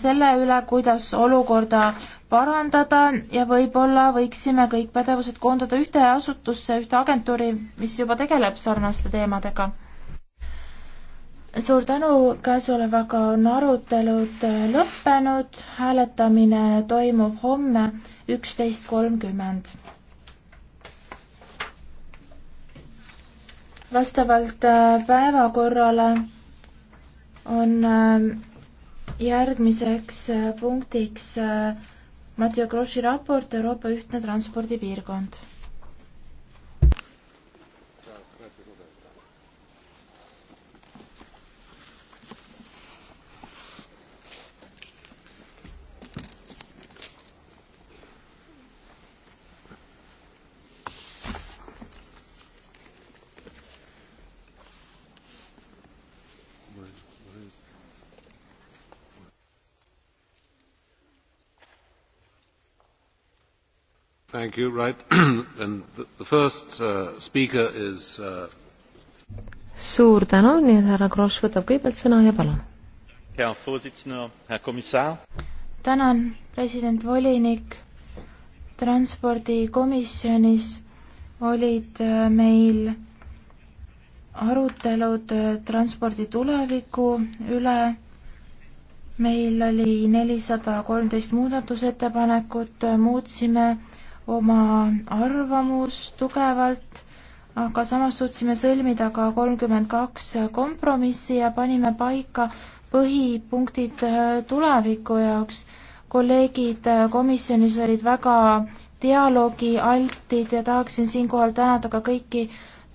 selle üle, kuidas olukorda parandada ja võib-olla võiksime kõik pädevused koondada ühte asutusse, ühte agentuuri, mis juba tegeleb sarnaste teemadega. suur tänu, käesolevaga on arutelud lõppenud, hääletamine toimub homme üksteist kolmkümmend. vastavalt äh, päevakorrale on äh, järgmiseks äh, punktiks äh, Mattia Grossi raport Euroopa ühtne transpordipiirkond Thank you, right. And the first uh, speaker is uh... suur tänu, nii et härra Kross võtab kõigepealt sõna ja palun. tänan, president volinik. transpordikomisjonis olid äh, meil arutelud äh, transpordi tuleviku üle meil oli nelisada kolmteist muudatusettepanekut, muutsime oma arvamust tugevalt, aga samas suutsime sõlmida ka kolmkümmend kaks kompromissi ja panime paika põhipunktid äh, tuleviku jaoks. kolleegid äh, komisjonis olid väga dialoogialtid ja tahaksin siinkohal tänada ka kõiki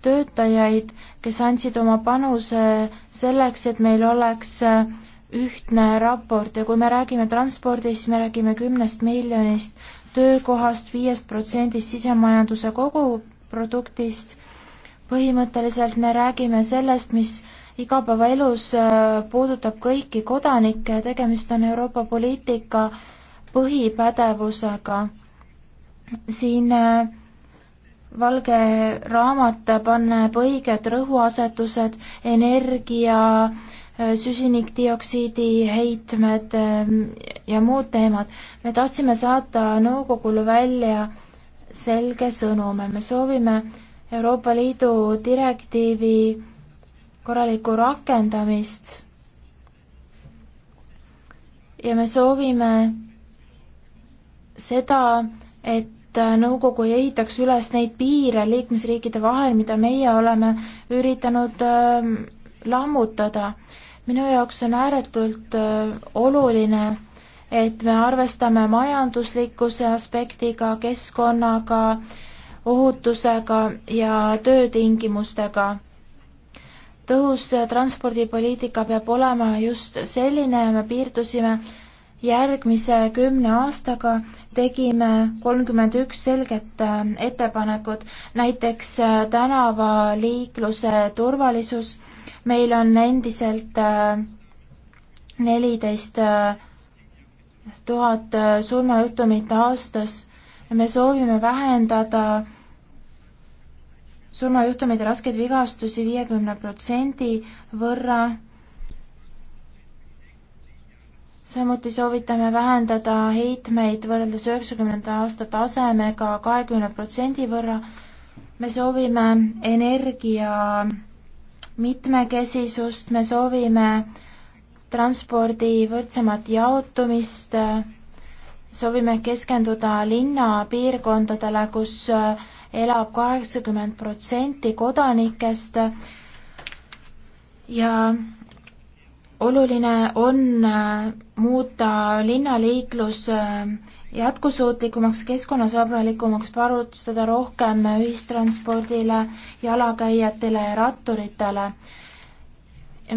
töötajaid, kes andsid oma panuse selleks, et meil oleks äh, ühtne raport ja kui me räägime transpordist, me räägime kümnest miljonist töökohast, viiest protsendist sisemajanduse koguproduktist. põhimõtteliselt me räägime sellest, mis igapäevaelus äh, puudutab kõiki kodanikke ja tegemist on Euroopa poliitika põhipädevusega. siin äh, valge raamat paneb õiged rõhuasetused energia, Äh, süsinikdioksiidi heitmed ähm, ja muud teemad. me tahtsime saata nõukogule välja selge sõnumi, me soovime Euroopa Liidu direktiivi korralikku rakendamist ja me soovime seda, et nõukogu ei ehitaks üles neid piire liikmesriikide vahel, mida meie oleme üritanud äh, lammutada minu jaoks on ääretult äh, oluline, et me arvestame majanduslikkuse aspektiga, keskkonnaga, ohutusega ja töötingimustega. tõhus transpordipoliitika peab olema just selline ja me piirdusime järgmise kümne aastaga tegime kolmkümmend üks selget äh, ettepanekut, näiteks äh, tänavaliikluse turvalisus meil on endiselt äh, neliteist äh, tuhat äh, surmajuhtumit aastas ja me soovime vähendada surmajuhtumeid ja raskeid vigastusi viiekümne protsendi võrra. samuti soovitame vähendada heitmeid võrreldes üheksakümnenda aasta tasemega kahekümne protsendi võrra. me soovime energia mitmekesisust, me soovime transpordi võrdsemat jaotumist, soovime keskenduda linnapiirkondadele, kus eh, elab kaheksakümmend protsenti kodanikest ja oluline on eh, muuta linnaliiklus eh, jätkusuutlikumaks, keskkonnasõbralikumaks, panustada rohkem ühistranspordile, jalakäijatele ja ratturitele.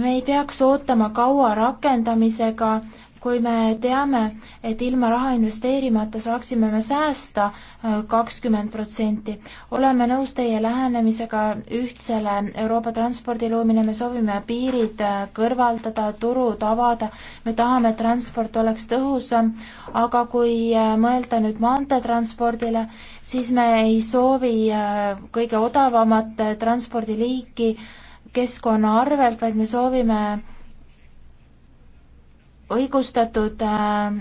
me ei peaks ootama kaua rakendamisega, kui me teame, et ilma raha investeerimata saaksime me säästa äh, kakskümmend protsenti. oleme nõus teie lähenemisega ühtsele Euroopa transpordi loomine, me soovime piirid äh, kõrvaldada, turud avada, me tahame, et transport oleks tõhusam, aga kui äh, mõelda nüüd maanteetranspordile, siis me ei soovi kõige odavamat transpordiliiki keskkonna arvelt, vaid me soovime õigustatud äh,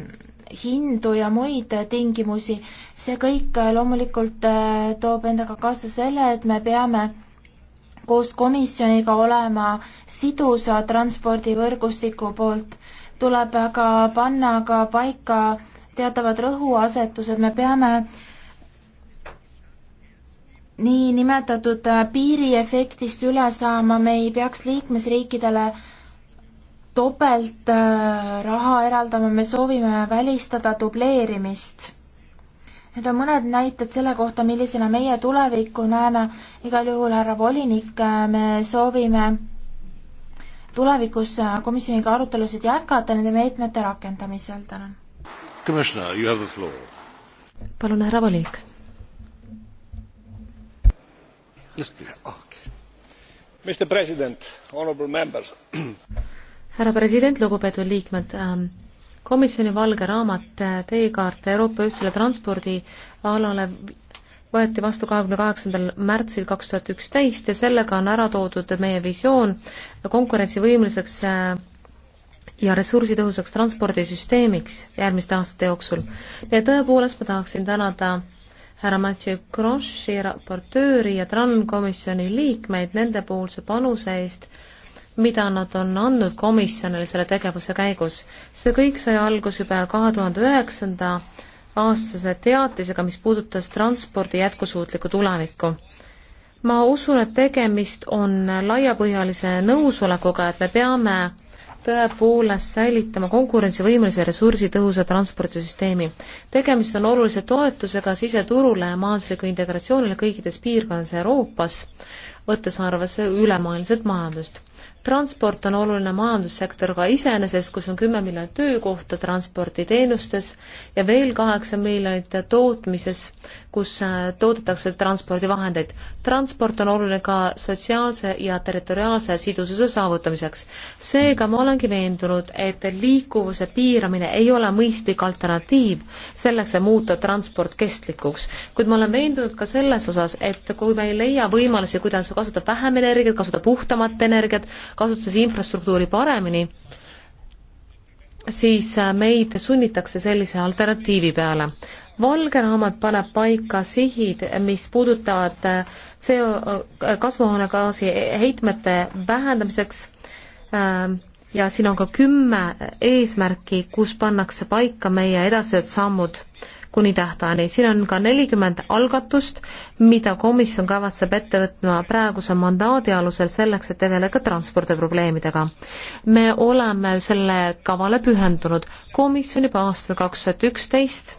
hindu ja muid tingimusi, see kõik äh, loomulikult äh, toob endaga kaasa selle, et me peame koos komisjoniga olema sidusa transpordivõrgustiku poolt, tuleb aga panna ka paika teatavad rõhuasetused, me peame niinimetatud piiriefektist üle saama, me ei peaks liikmesriikidele äh, topeltraha äh, eraldama, me soovime välistada dubleerimist. Need on mõned näited selle kohta, millisena meie tulevikku näeme. igal juhul, härra volinik, äh, me soovime tulevikus äh, komisjoniga arutelusid jätkata nende meetmete rakendamisel, tänan. palun, härra volinik. Mr President, honorable members härra president, lugupeetud liikmed, ähm, komisjoni valge raamat äh, Teekaart Euroopa ühtsele transpordialale võeti vastu kahekümne kaheksandal märtsil kaks tuhat üksteist ja sellega on ära toodud meie visioon konkurentsivõimeliseks äh, ja ressursitõhusaks transpordisüsteemiks järgmiste aastate jooksul. ja tõepoolest ma tahaksin tänada härra Mathieu Grossi raportööri ja TRAN komisjoni liikmeid nendepoolse panuse eest äh, mida nad on andnud komisjonile selle tegevuse käigus. see kõik sai algus juba kahe tuhande üheksanda aastase teatisega, mis puudutas transpordi jätkusuutlikku tulevikku. ma usun, et tegemist on laiapõhjalise nõusolekuga, et me peame tõepoolest säilitama konkurentsivõimelise ressursitõhusa transpordisüsteemi. tegemist on olulise toetusega siseturule ja majandusliku integratsioonile kõikides piirkondades Euroopas, võttes arvesse ülemaailmset majandust transport on oluline majandussektor ka iseenesest, kus on kümme miljonit töökohta transporditeenustes ja veel kaheksa miljonit tootmises, kus äh, toodetakse transpordivahendeid. transport on oluline ka sotsiaalse ja territoriaalse sidususe saavutamiseks. seega ma olengi veendunud, et liikuvuse piiramine ei ole mõistlik alternatiiv selleks, et muuta transport kestlikuks. kuid ma olen veendunud ka selles osas, et kui me ei leia võimalusi, kuidas kasutada vähem energiat, kasutada puhtamat energiat, kasutades infrastruktuuri paremini, siis äh, meid sunnitakse sellise alternatiivi peale. valge raamat paneb paika sihid, mis puudutavad äh, CO, äh, kasvuhoonegaasi heitmete vähendamiseks ähm, ja siin on ka kümme eesmärki, kus pannakse paika meie edasised sammud kuni tähtajani. siin on ka nelikümmend algatust, mida komisjon kavatseb ette võtma praeguse mandaadi alusel selleks, et tegeleda transpordiprobleemidega. me oleme selle kavale pühendunud. komisjon juba aastal kaks tuhat üksteist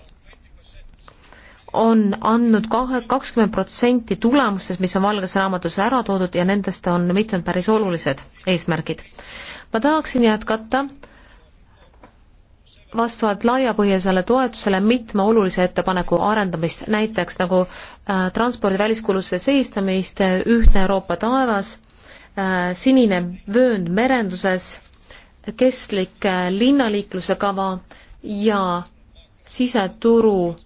on andnud kahe, kakskümmend protsenti tulemustest, mis on Valges Raamatus ära toodud ja nendest on mitmed päris olulised eesmärgid. ma tahaksin jätkata äh, vastavalt laiapõhjalisele toetusele mitme olulise ettepaneku arendamist, näiteks nagu äh, transpordi väliskulusse seistamist, äh, ühtne Euroopa taevas äh,, sinine vöönd merenduses, kestlik äh, linnaliikluse kava ja siseturu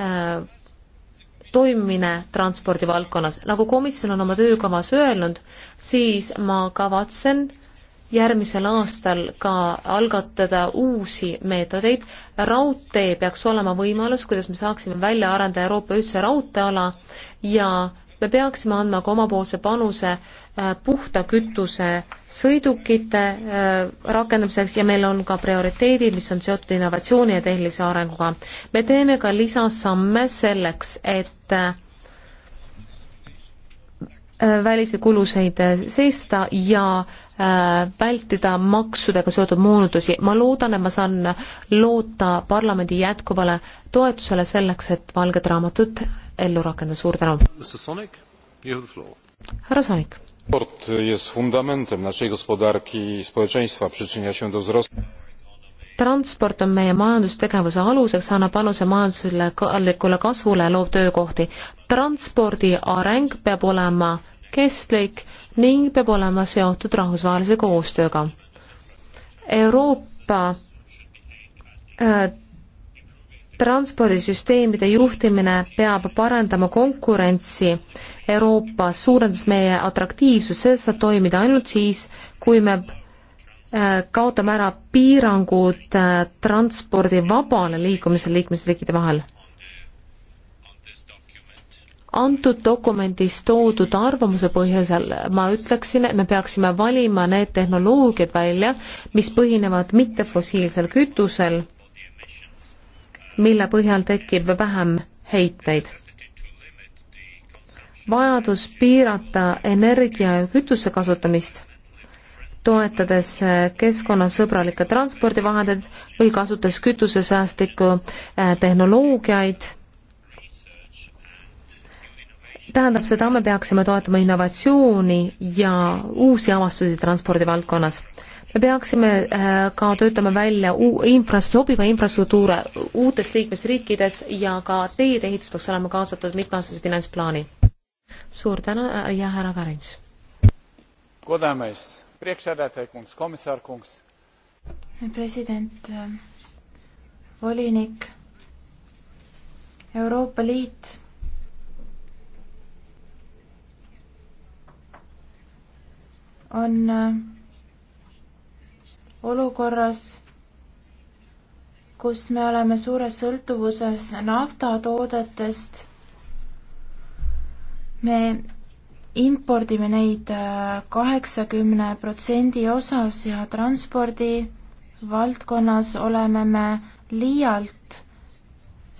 äh, toimimine transpordivaldkonnas. nagu komisjon on oma töökavas öelnud, siis ma kavatsen äh, järgmisel aastal ka algatada uusi meetodeid. raudtee peaks olema võimalus, kuidas me saaksime välja arendada Euroopa ühtse raudteeala ja me peaksime andma ka omapoolse panuse äh, puhta kütuse sõidukite äh, rakendamiseks ja meil on ka prioriteedid, mis on seotud innovatsiooni ja tehnilise arenguga. me teeme ka lisasamme selleks, et äh, välisi kulusid seista ja äh, Äh, vältida maksudega seotud moonutusi. ma loodan, et ma saan loota parlamendi jätkuvale toetusele selleks, et valget raamatut ellu rakendada. suur tänu! härra Sonik. sport jest fundamentem naszej gospodarki i społeczeństwa, przyczynia się do wzrostu transport on meie majandustegevuse aluseks, annab panuse majanduslikule kasvule, loob töökohti. transpordi areng peab olema kestlik ning peab olema seotud rahvusvahelise koostööga. Euroopa äh, transpordisüsteemide juhtimine peab parandama konkurentsi Euroopas, suurendades meie atraktiivsust, sellest saab toimida ainult siis, kui me äh, kaotame ära piirangud äh, transpordi vabale liikumisele liikmesriikide vahel antud dokumendis toodud arvamuse põhjusel ma ütleksin, et me peaksime valima need tehnoloogiad välja, mis põhinevad mittefossiilsel kütusel, mille põhjal tekib vähem heitmeid. vajadus piirata energia ja kütuse kasutamist, toetades keskkonnasõbralikke transpordivahendeid või kasutades kütusesäästlikku eh, tehnoloogiaid tähendab, seda me peaksime toetama innovatsiooni ja uusi avastusi transpordivaldkonnas. me peaksime äh, ka töötama välja uu-, infra-, sobiva infrastruktuure uutes liikmesriikides ja ka teedeehitus peaks olema kaasatud mitmeaastase finantsplaani. suur tänu äh, ja härra Karins. president, äh, volinik, Euroopa Liit on äh, olukorras, kus me oleme suures sõltuvuses naftatoodetest. me impordime neid äh, kaheksakümne protsendi osas ja transpordi valdkonnas oleme me liialt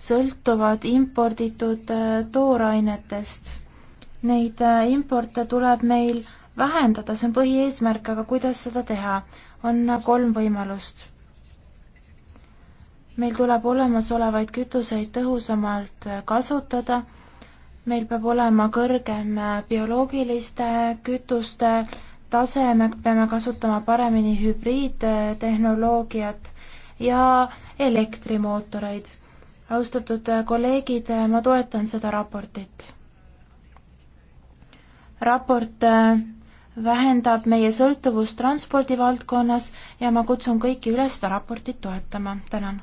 sõltuvad imporditud äh, toorainetest. Neid importe tuleb meil vähendada, see on põhieesmärk, aga kuidas seda teha? on kolm võimalust. meil tuleb olemasolevaid kütuseid tõhusamalt kasutada, meil peab olema kõrgem bioloogiliste kütuste tase, me peame kasutama paremini hübriidtehnoloogiat ja elektrimootoreid. austatud kolleegid, ma toetan seda raportit. raport äh, vähendab meie sõltuvust transpordi valdkonnas ja ma kutsun kõiki üles seda raportit toetama. tänan.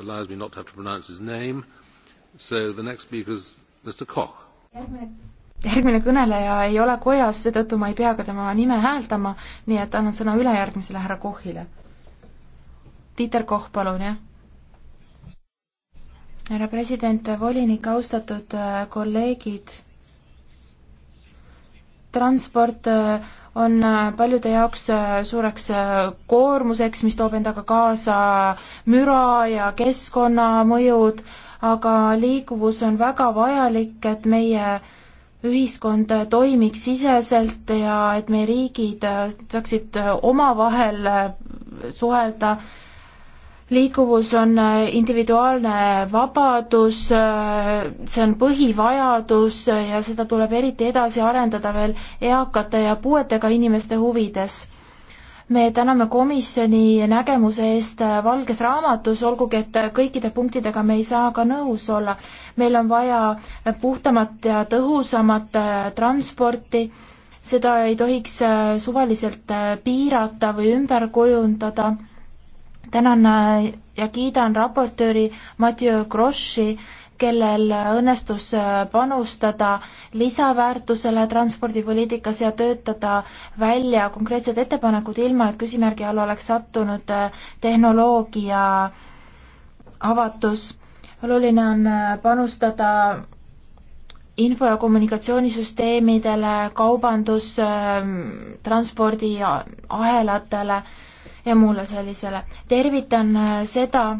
allows me not to have to pronounce his name. So the next speaker is Mr Koch. järgmine, järgmine kõneleja ei ole kojas, seetõttu ma ei pea ka tema nime hääldama, nii et annan sõna ülejärgmisele härra Kochile. Tiiter Koch, palun, jah härra president, volinik, austatud äh, kolleegid transport äh, on äh, paljude jaoks äh, suureks koormuseks, mis toob endaga kaasa müra ja keskkonnamõjud, aga liikuvus on väga vajalik, et meie ühiskond toimiks siseselt ja et meie riigid saaksid omavahel suhelda liikuvus on äh, individuaalne vabadus, äh, see on põhivajadus äh, ja seda tuleb eriti edasi arendada veel eakate ja puuetega inimeste huvides. me täname komisjoni nägemuse eest Valges Raamatus, olgugi et kõikide punktidega me ei saa ka nõus olla. meil on vaja puhtamat ja tõhusamat transporti, seda ei tohiks suvaliselt piirata või ümber kujundada tänan äh, ja kiidan raportööri Mathieu Grossi, kellel õnnestus äh, panustada lisaväärtusele transpordipoliitikas ja töötada välja konkreetsed ettepanekud, ilma et küsimärgi alla oleks sattunud äh, tehnoloogia avatus. oluline on panustada info- ja kommunikatsioonisüsteemidele, kaubandus, transpordiahelatele äh,, ja muule sellisele. tervitan äh, seda,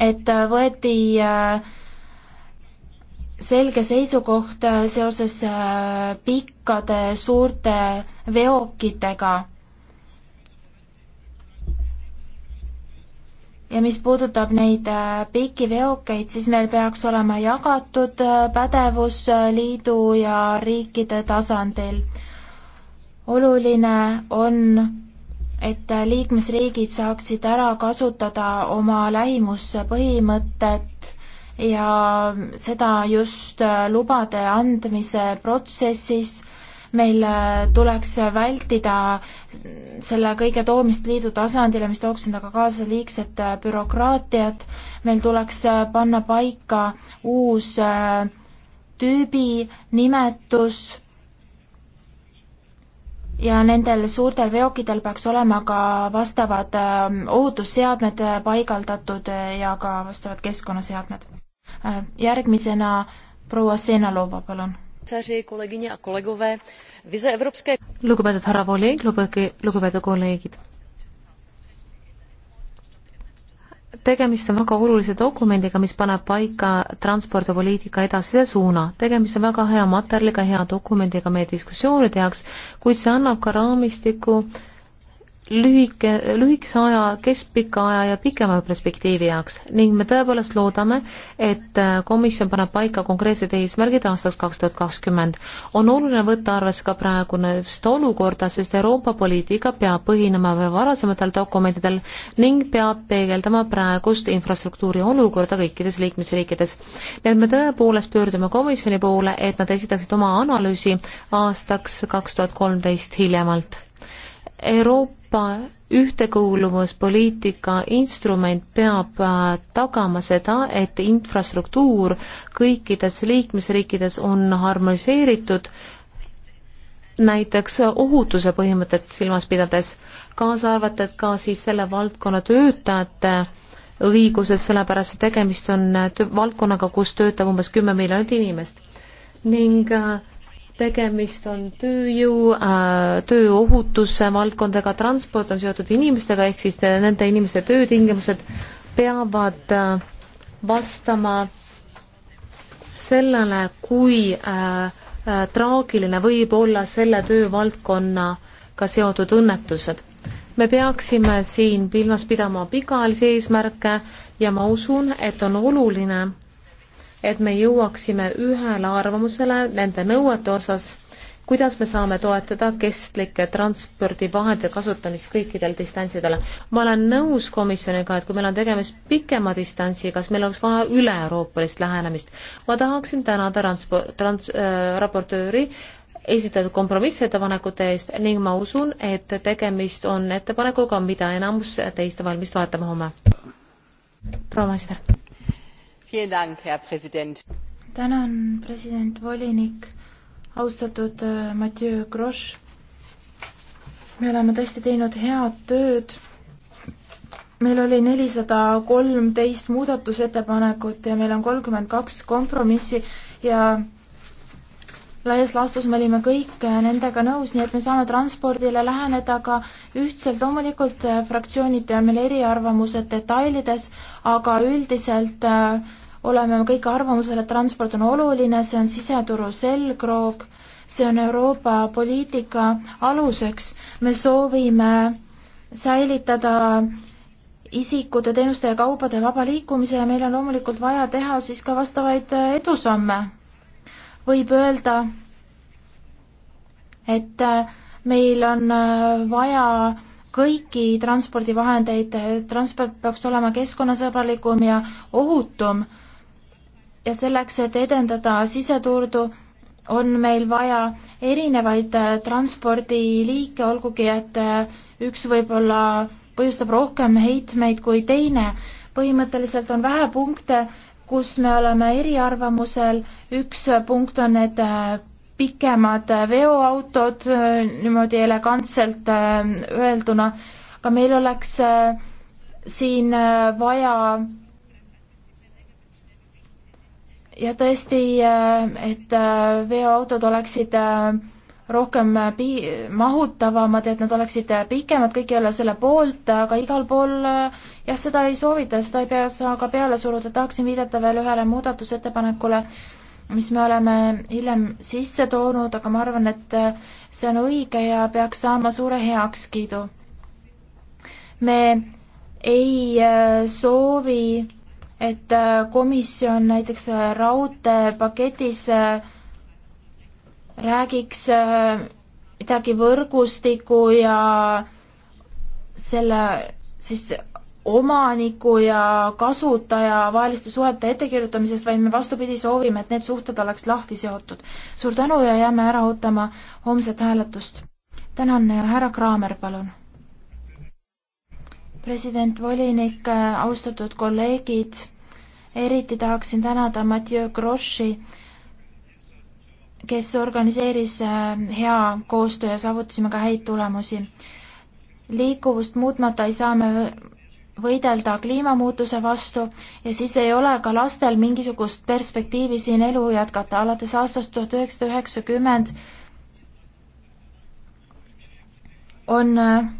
et äh, võeti äh, selge seisukoht seoses pikkade suurte veokitega. ja mis puudutab neid pikki veokeid, siis meil peaks olema jagatud pädevus liidu ja riikide tasandil. oluline on et liikmesriigid saaksid ära kasutada oma lähimuspõhimõtet ja seda just lubade andmise protsessis meil tuleks vältida selle kõige toomist liidu tasandile, mis tooks endaga kaasa liigset bürokraatiat, meil tuleks panna paika uus tüübinimetus ja nendel suurtel veokidel peaks olema ka vastavad ähm, ohutusseadmed äh, paigaldatud äh, ja ka vastavad keskkonnaseadmed. Äh, järgmisena proua Senalova, palun. lugupeetud härra Volig, lugupeetud kolleegid tegemist on väga olulise dokumendiga, mis paneb paika transpordipoliitika edasise suuna. tegemist on väga hea materjaliga, hea dokumendiga meie diskussioonide jaoks, kuid see annab ka raamistiku äh, lühike, lühikese aja, keskpika aja ja pikema perspektiivi jaoks ning me tõepoolest loodame, et äh, komisjon paneb paika konkreetsed eesmärgid aastast kaks tuhat kakskümmend. on oluline võtta arvesse ka praegust olukorda, sest Euroopa poliitika peab põhinema varasematel dokumentidel ning peab peegeldama praegust infrastruktuuri olukorda kõikides liikmesriikides. nii et me tõepoolest pöördume komisjoni poole, et nad esitaksid oma analüüsi aastaks kaks tuhat kolmteist hiljemalt Euroopa ühtekuuluvuspoliitika instrument peab äh, tagama seda, et infrastruktuur kõikides liikmesriikides on harmoniseeritud, näiteks ohutuse põhimõtet silmas pidades, kaasa arvatud ka siis selle valdkonna töötajate õigused, sellepärast et tegemist on valdkonnaga, kus töötab umbes kümme miljonit inimest. ning äh, tegemist on tööjõu äh,, tööohutuse valdkondadega, transport on seotud inimestega, ehk siis äh, nende inimeste töötingimused peavad äh, vastama sellele, kui äh, äh, traagiline võib olla selle töövaldkonnaga seotud õnnetused. me peaksime siin silmas pidama pikaajalisi eesmärke ja ma usun, et on oluline et me jõuaksime ühele arvamusele nende nõuete osas, kuidas me saame toetada kestlike transpordivahendite kasutamist kõikidel distantsidel. ma olen nõus komisjoniga, et kui meil on tegemist pikema distantsiga, siis meil oleks vaja üle-euroopalist lähenemist. ma tahaksin tänada transport, trans- äh,, raportööri esitatud kompromissettepanekute eest ning ma usun, et tegemist on ettepanekuga, mida enamus teist on valmis toetama homme. proua Maister tänan, president, volinik, austatud äh, Mathieu Grosch. me oleme tõesti teinud head tööd. meil oli nelisada kolmteist muudatusettepanekut ja meil on kolmkümmend kaks kompromissi ja laias laastus me olime kõik äh, nendega nõus, nii et me saame transpordile läheneda ka ühtselt, loomulikult äh, fraktsioonid on meil eriarvamused detailides, aga üldiselt äh, oleme me kõik arvamusel, et transport on oluline, see on siseturu selgroog, see on Euroopa poliitika aluseks, me soovime säilitada isikute, teenuste ja kaubade vaba liikumise ja meil on loomulikult vaja teha siis ka vastavaid edusamme. võib öelda, et meil on vaja kõiki transpordivahendeid, transport peaks olema keskkonnasõbralikum ja ohutum ja selleks, et edendada siseturdu, on meil vaja erinevaid äh, transpordiliike, olgugi et äh, üks võib-olla põhjustab rohkem heitmeid kui teine. põhimõtteliselt on vähe punkte, kus me oleme eriarvamusel, üks punkt on need äh, pikemad veoautod, niimoodi elegantselt öelduna, aga meil oleks siin vaja ja tõesti, äh, et äh, veoautod oleksid äh, rohkem pi-, mahutavamad, et nad oleksid pikemad, kõik ei ole selle poolt, aga igal pool jah, seda ei soovita, seda ei pea saa ka peale suruda, tahaksin viidata veel ühele muudatusettepanekule, mis me oleme hiljem sisse toonud, aga ma arvan, et see on õige ja peaks saama suure heakskiidu. me ei soovi et äh, komisjon näiteks äh, raudteepaketis äh, räägiks midagi võrgustiku ja selle siis omaniku ja kasutaja vaheliste suhete ettekirjutamisest, vaid me vastupidi soovime, et need suhted oleks lahti seotud. suur tänu ja jääme ära ootama homset hääletust. tänan, härra Kraamer, palun. president, volinik, austatud kolleegid eriti tahaksin tänada Mathieu Grossi, kes organiseeris äh, hea koostöö ja saavutasime ka häid tulemusi. liikuvust muutmata ei saa me võidelda kliimamuutuse vastu ja siis ei ole ka lastel mingisugust perspektiivi siin elu jätkata. alates aastast tuhat üheksasada üheksakümmend on äh,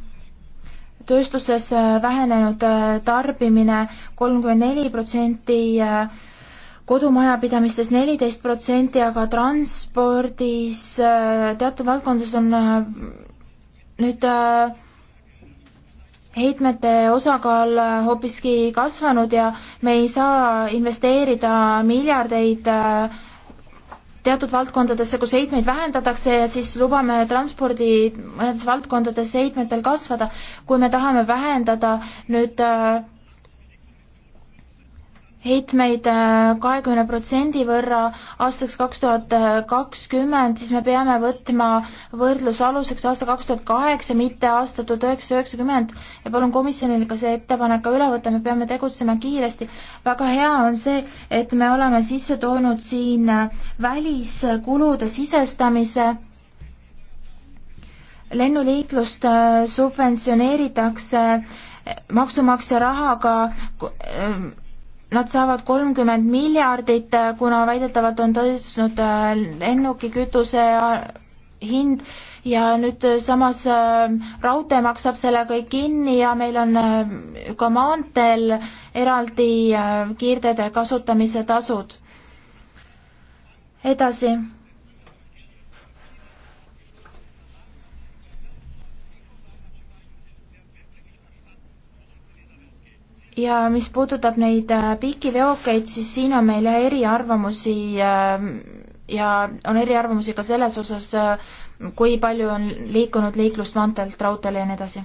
tööstuses äh, vähenenud äh, tarbimine kolmkümmend neli protsenti, äh, kodumajapidamistes neliteist protsenti, aga transpordis teatud valdkondades on nüüd heitmete osakaal hoopiski kasvanud ja me ei saa investeerida miljardeid äh, teatud valdkondadesse, kus heitmeid vähendatakse ja siis lubame transpordi mõnedes valdkondades heitmetel kasvada. kui me tahame vähendada nüüd äh, heitmeid äh, kahekümne protsendi võrra aastaks kaks tuhat kakskümmend, siis me peame võtma võrdlusaluseks aasta kaks tuhat kaheksa, mitte aasta tuhat üheksasada üheksakümmend ja palun komisjonil ka see ettepanek ka üle võtta, me peame tegutsema kiiresti. väga hea on see, et me oleme sisse toonud siin äh, väliskulude sisestamise lennuliiklust äh, subventsioneeritakse maksumaksja rahaga Nad saavad kolmkümmend miljardit, kuna väidetavalt on tõstnud lennukikütuse äh, äh, hind ja nüüd äh, samas raudtee maksab selle kõik kinni ja meil on ka maanteel eraldi kiirteede kasutamise tasud. edasi ja mis puudutab neid äh, piikiveokeid, siis siin on meil eriarvamusi ähm, ja on eriarvamusi ka selles osas, äh, kui palju on liikunud liiklust maanteelt raudteele ja nii edasi.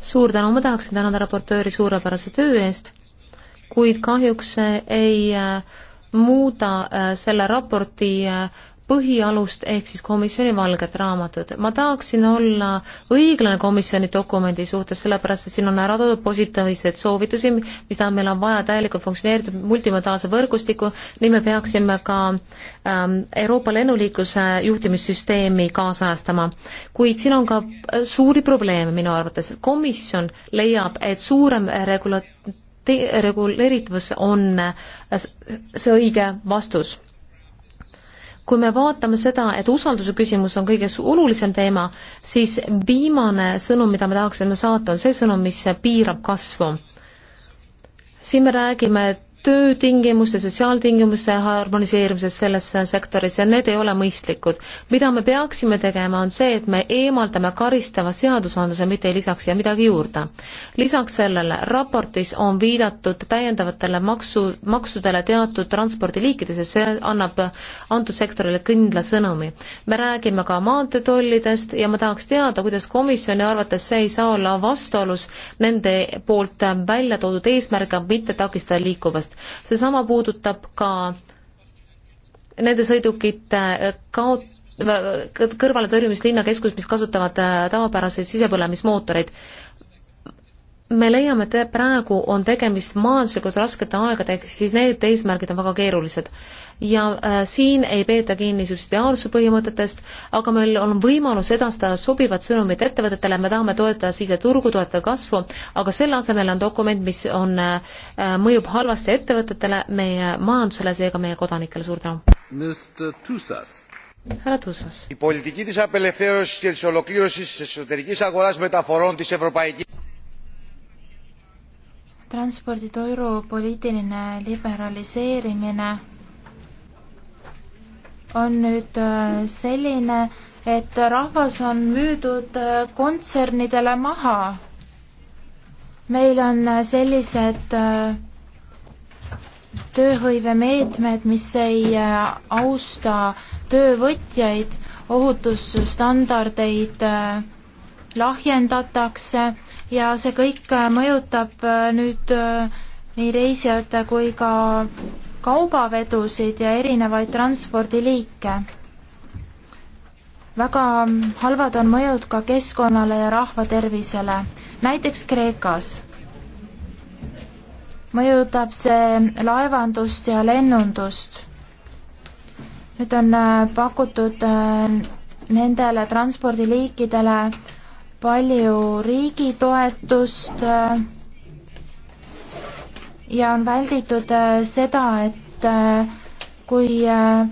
suur tänu, ma tahaksin tänada raportööri suurepärase töö eest, kuid kahjuks ei äh, muuda selle raporti põhialust ehk siis komisjoni valget raamatut. ma tahaksin olla õiglane komisjoni dokumendi suhtes, sellepärast et siin on ära toodud positiivseid soovitusi, mis tähendab, meil on vaja täielikult funktsioneeritud multimodaalse võrgustiku, nii me peaksime ka ähm, Euroopa lennuliikluse juhtimissüsteemi kaasajastama. kuid siin on ka äh, suuri probleeme minu arvates. komisjon leiab, et suurem regula-, reguleeritus on äh, see õige vastus kui me vaatame seda, et usalduse küsimus on kõige olulisem teema, siis viimane sõnum, mida me tahaksime saata, on see sõnum, mis piirab kasvu. siin me räägime töötingimuste, sotsiaaltingimuste harmoniseerimises selles sektoris ja need ei ole mõistlikud. mida me peaksime tegema, on see, et me eemaldame karistava seadusandluse, mitte ei lisaks siia midagi juurde. lisaks sellele raportis on viidatud täiendavatele maksu, maksudele teatud transpordiliikides ja see annab antud sektorile kindla sõnumi. me räägime ka maanteetollidest ja ma tahaks teada, kuidas komisjoni arvates see ei saa olla vastuolus nende poolt välja toodud eesmärgiga mitte takistada liikuvust eest. seesama puudutab ka nende sõidukite äh, kaot-, kõrvaletõrjumist linnakeskus, mis kasutavad äh, tavapäraseid sisepõlemismootoreid. me leiame, et praegu on tegemist majanduslikult raskete aegadega, siis need eesmärgid on väga keerulised ja äh, siin ei peeta kinni subsidiaalsuse põhimõtetest, aga meil on võimalus edastada sobivat sõnumit ettevõtetele, me tahame toetada siseturgu, toetada kasvu, aga selle asemel on dokument, mis on äh,, mõjub halvasti ettevõtetele, meie majandusele, seega meie kodanikele, suur tänu. härra Tussas. πολιτική της απελευθέρωσης και της ολοκλήρωσης της εσωτερικής αγοράς μεταφορών της Ευρωπαϊκής transporditoiru poliitiline liberaliseerimine on nüüd äh, selline, et rahvas on müüdud äh, kontsernidele maha. meil on äh, sellised tööhõivemeetmed, mis ei austa töövõtjaid, ohutusstandardeid lahjendatakse ja see kõik mõjutab nüüd nii reisijate kui ka kaubavedusid ja erinevaid transpordiliike. väga halvad on mõjud ka keskkonnale ja rahvatervisele, näiteks Kreekas mõjutab see laevandust ja lennundust. nüüd on äh, pakutud äh, nendele transpordiliikidele palju riigi toetust äh, ja on välditud äh, seda, et äh, kui äh,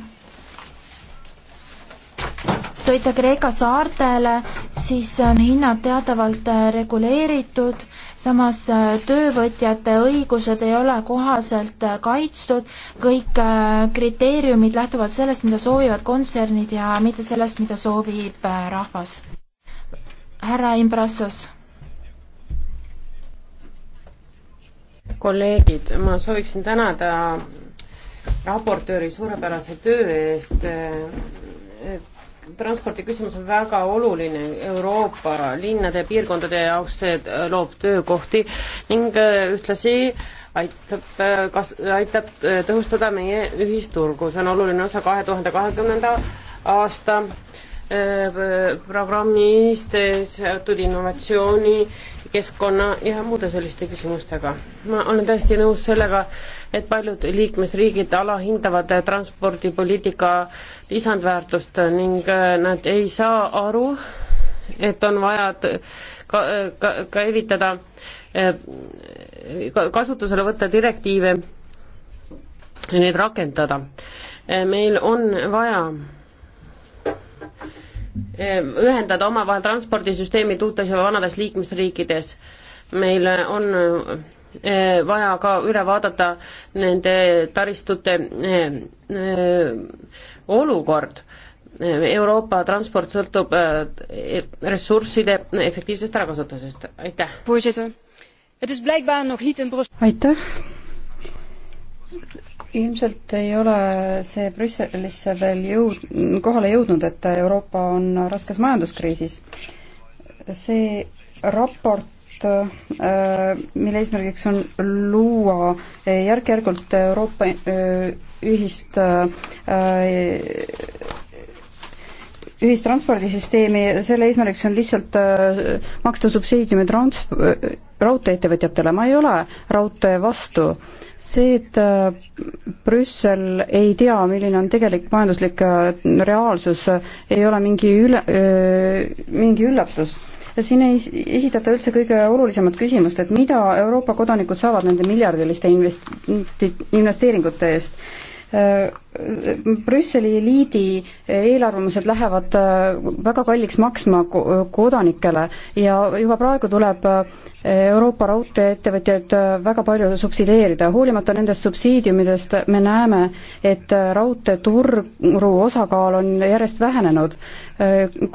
sõita Kreeka saartele, siis on hinnad teatavalt reguleeritud, samas töövõtjate õigused ei ole kohaselt kaitstud, kõik kriteeriumid lähtuvad sellest, mida soovivad kontsernid ja mitte sellest, mida soovib rahvas. härra Imbrassas kolleegid, ma sooviksin tänada raportööri suurepärase töö eest. transpordiküsimus on väga oluline Euroopa linnade ja piirkondade jaoks, see loob töökohti ning ühtlasi aitab, kas, aitab tõhustada meie ühisturgu, see on oluline osa kahe tuhande kahekümnenda aasta äh, programmist seotud innovatsiooni äh, keskkonna ja muude selliste küsimustega. ma olen täiesti nõus sellega, et paljud liikmesriigid alahindavad transpordipoliitika lisandväärtust ning äh, nad ei saa aru, et on vaja ka, äh, ka, äh, ka evitada kasutusele võtta direktiive ja neid rakendada. meil on vaja Ehm, ühendada omavahel transpordisüsteemid uutes ja vanades liikmesriikides. meil äh, on äh, vaja ka üle vaadata nende taristute ehm, ehm, olukord. Euroopa transport sõltub äh, ressursside efektiivsest ärakasutusest, aitäh. aitäh ilmselt ei ole see Brüsselisse veel jõud-, kohale jõudnud, et Euroopa on raskes majanduskriisis. see raport äh, mille eesmärgiks on luua järk-järgult Euroopa äh, ühist äh, ühistranspordisüsteemi, selle eesmärgiks on lihtsalt äh, maksta subsiidiume trans-, äh, raudtee-ettevõtjatele, ma ei ole raudtee vastu. see, et äh, Brüssel ei tea, milline on tegelik majanduslik reaalsus, ei ole mingi üle, mingi üllatus ja siin ei esitata üldse kõige olulisemat küsimust, et mida Euroopa kodanikud saavad nende miljardiliste invest-, investeeringute eest Äh, Brüsseli eliidi eelarvamused lähevad äh, väga kalliks maksma kodanikele ja juba praegu tuleb äh, Euroopa raudteeettevõtjaid väga palju subsideerida. hoolimata nendest subsiidiumidest me näeme, et raudteeturu osakaal on järjest vähenenud.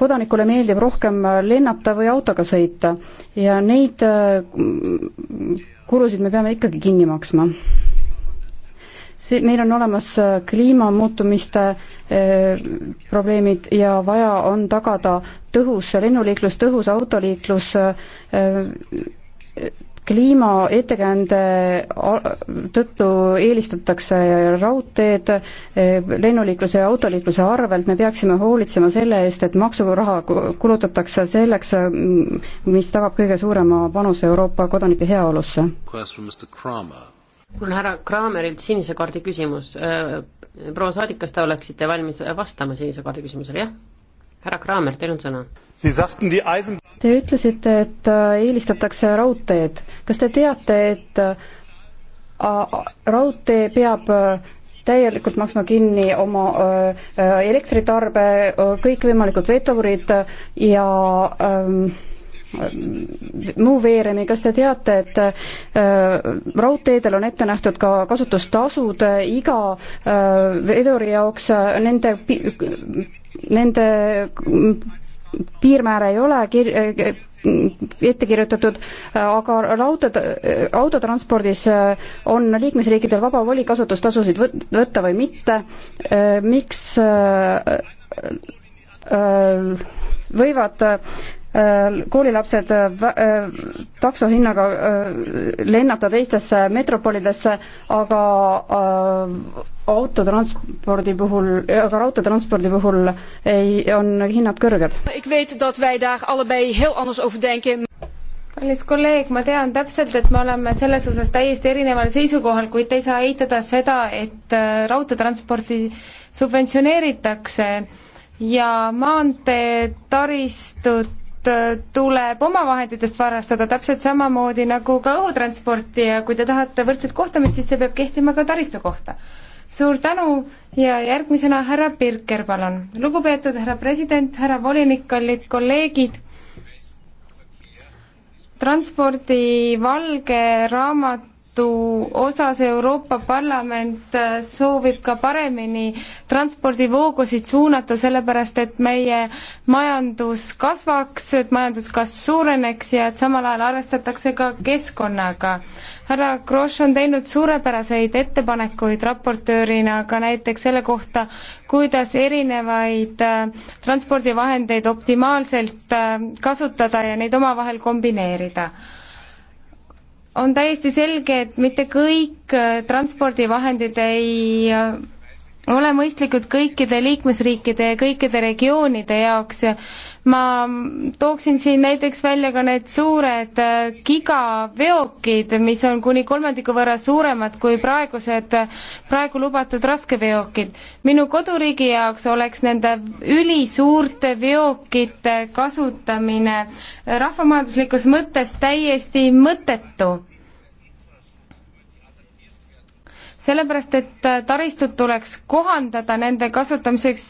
kodanikule meeldib rohkem lennata või autoga sõita ja neid kulusid me peame ikkagi kinni maksma see, meil on olemas äh, kliima muutumiste äh, probleemid ja vaja on tagada tõhus lennuliiklus, tõhus autoliiklus, äh, kliima ettekäände tõttu eelistatakse raudteed lennuliikluse ja autoliikluse arvelt, me peaksime hoolitsema selle eest, et maksuraha kulutatakse selleks, mm, mis tagab kõige suurema panuse Euroopa kodanike heaolusse mul on härra Kraamerilt sinise kaardi küsimus. Äh, proua saadik, kas te oleksite valmis vastama sinise kaardi küsimusele, jah? härra Kraamer, teil on sõna. Te ütlesite, et äh, eelistatakse raudteed. kas te teate, et äh, raudtee peab täielikult maksma kinni oma elektritarbe, kõikvõimalikud veturid ja öö, ähm, Äh, muu veeremi, kas te teate, et äh, raudteedel on ette nähtud ka kasutustasud äh, iga äh, veduri jaoks äh, nende, nende piirmäära ei ole kir-, äh, ette kirjutatud, äh, aga raudteed, autotranspordis on liikmesriikidel vaba voli kasutustasusid võtta või mitte, miks võivad Äh, koolilapsed äh, äh, takso hinnaga lennata teistesse metropolidesse, aga autotranspordi puhul, aga raudteetranspordi puhul ei, on hinnad kõrged. kallis kolleeg, ma tean täpselt, et me oleme selles osas täiesti erineval seisukohal, kuid ei saa eitada seda, et raudteetransporti subventsioneeritakse ja maanteetaristut Äh, tuleb omavahenditest varastada täpselt samamoodi nagu ka õhutransporti ja kui te tahate võrdset kohtlemist, siis see peab kehtima ka taristu kohta. suur tänu ja järgmisena härra Pirker, palun. lugupeetud härra president, härra volinik, kallid kolleegid transpordi valge raamat taristu osas Euroopa Parlament äh, soovib ka paremini transpordivoogusid suunata, sellepärast et meie majandus kasvaks, et majanduskasv suureneks ja et samal ajal arvestatakse ka keskkonnaga. härra Grosch on teinud suurepäraseid ettepanekuid raportöörina ka näiteks selle kohta, kuidas erinevaid äh, transpordivahendeid optimaalselt äh, kasutada ja neid omavahel kombineerida on täiesti selge, et mitte kõik äh, transpordivahendid ei äh, ole mõistlikud kõikide liikmesriikide ja kõikide regioonide jaoks. ma tooksin siin näiteks välja ka need suured äh, gigaveokid, mis on kuni kolmandiku võrra suuremad kui praegused, praegu lubatud raskeveokid. minu koduriigi jaoks oleks nende ülisuurte veokite kasutamine rahvamajanduslikus mõttes täiesti mõttetu sellepärast, et taristut tuleks kohandada nende kasutamiseks.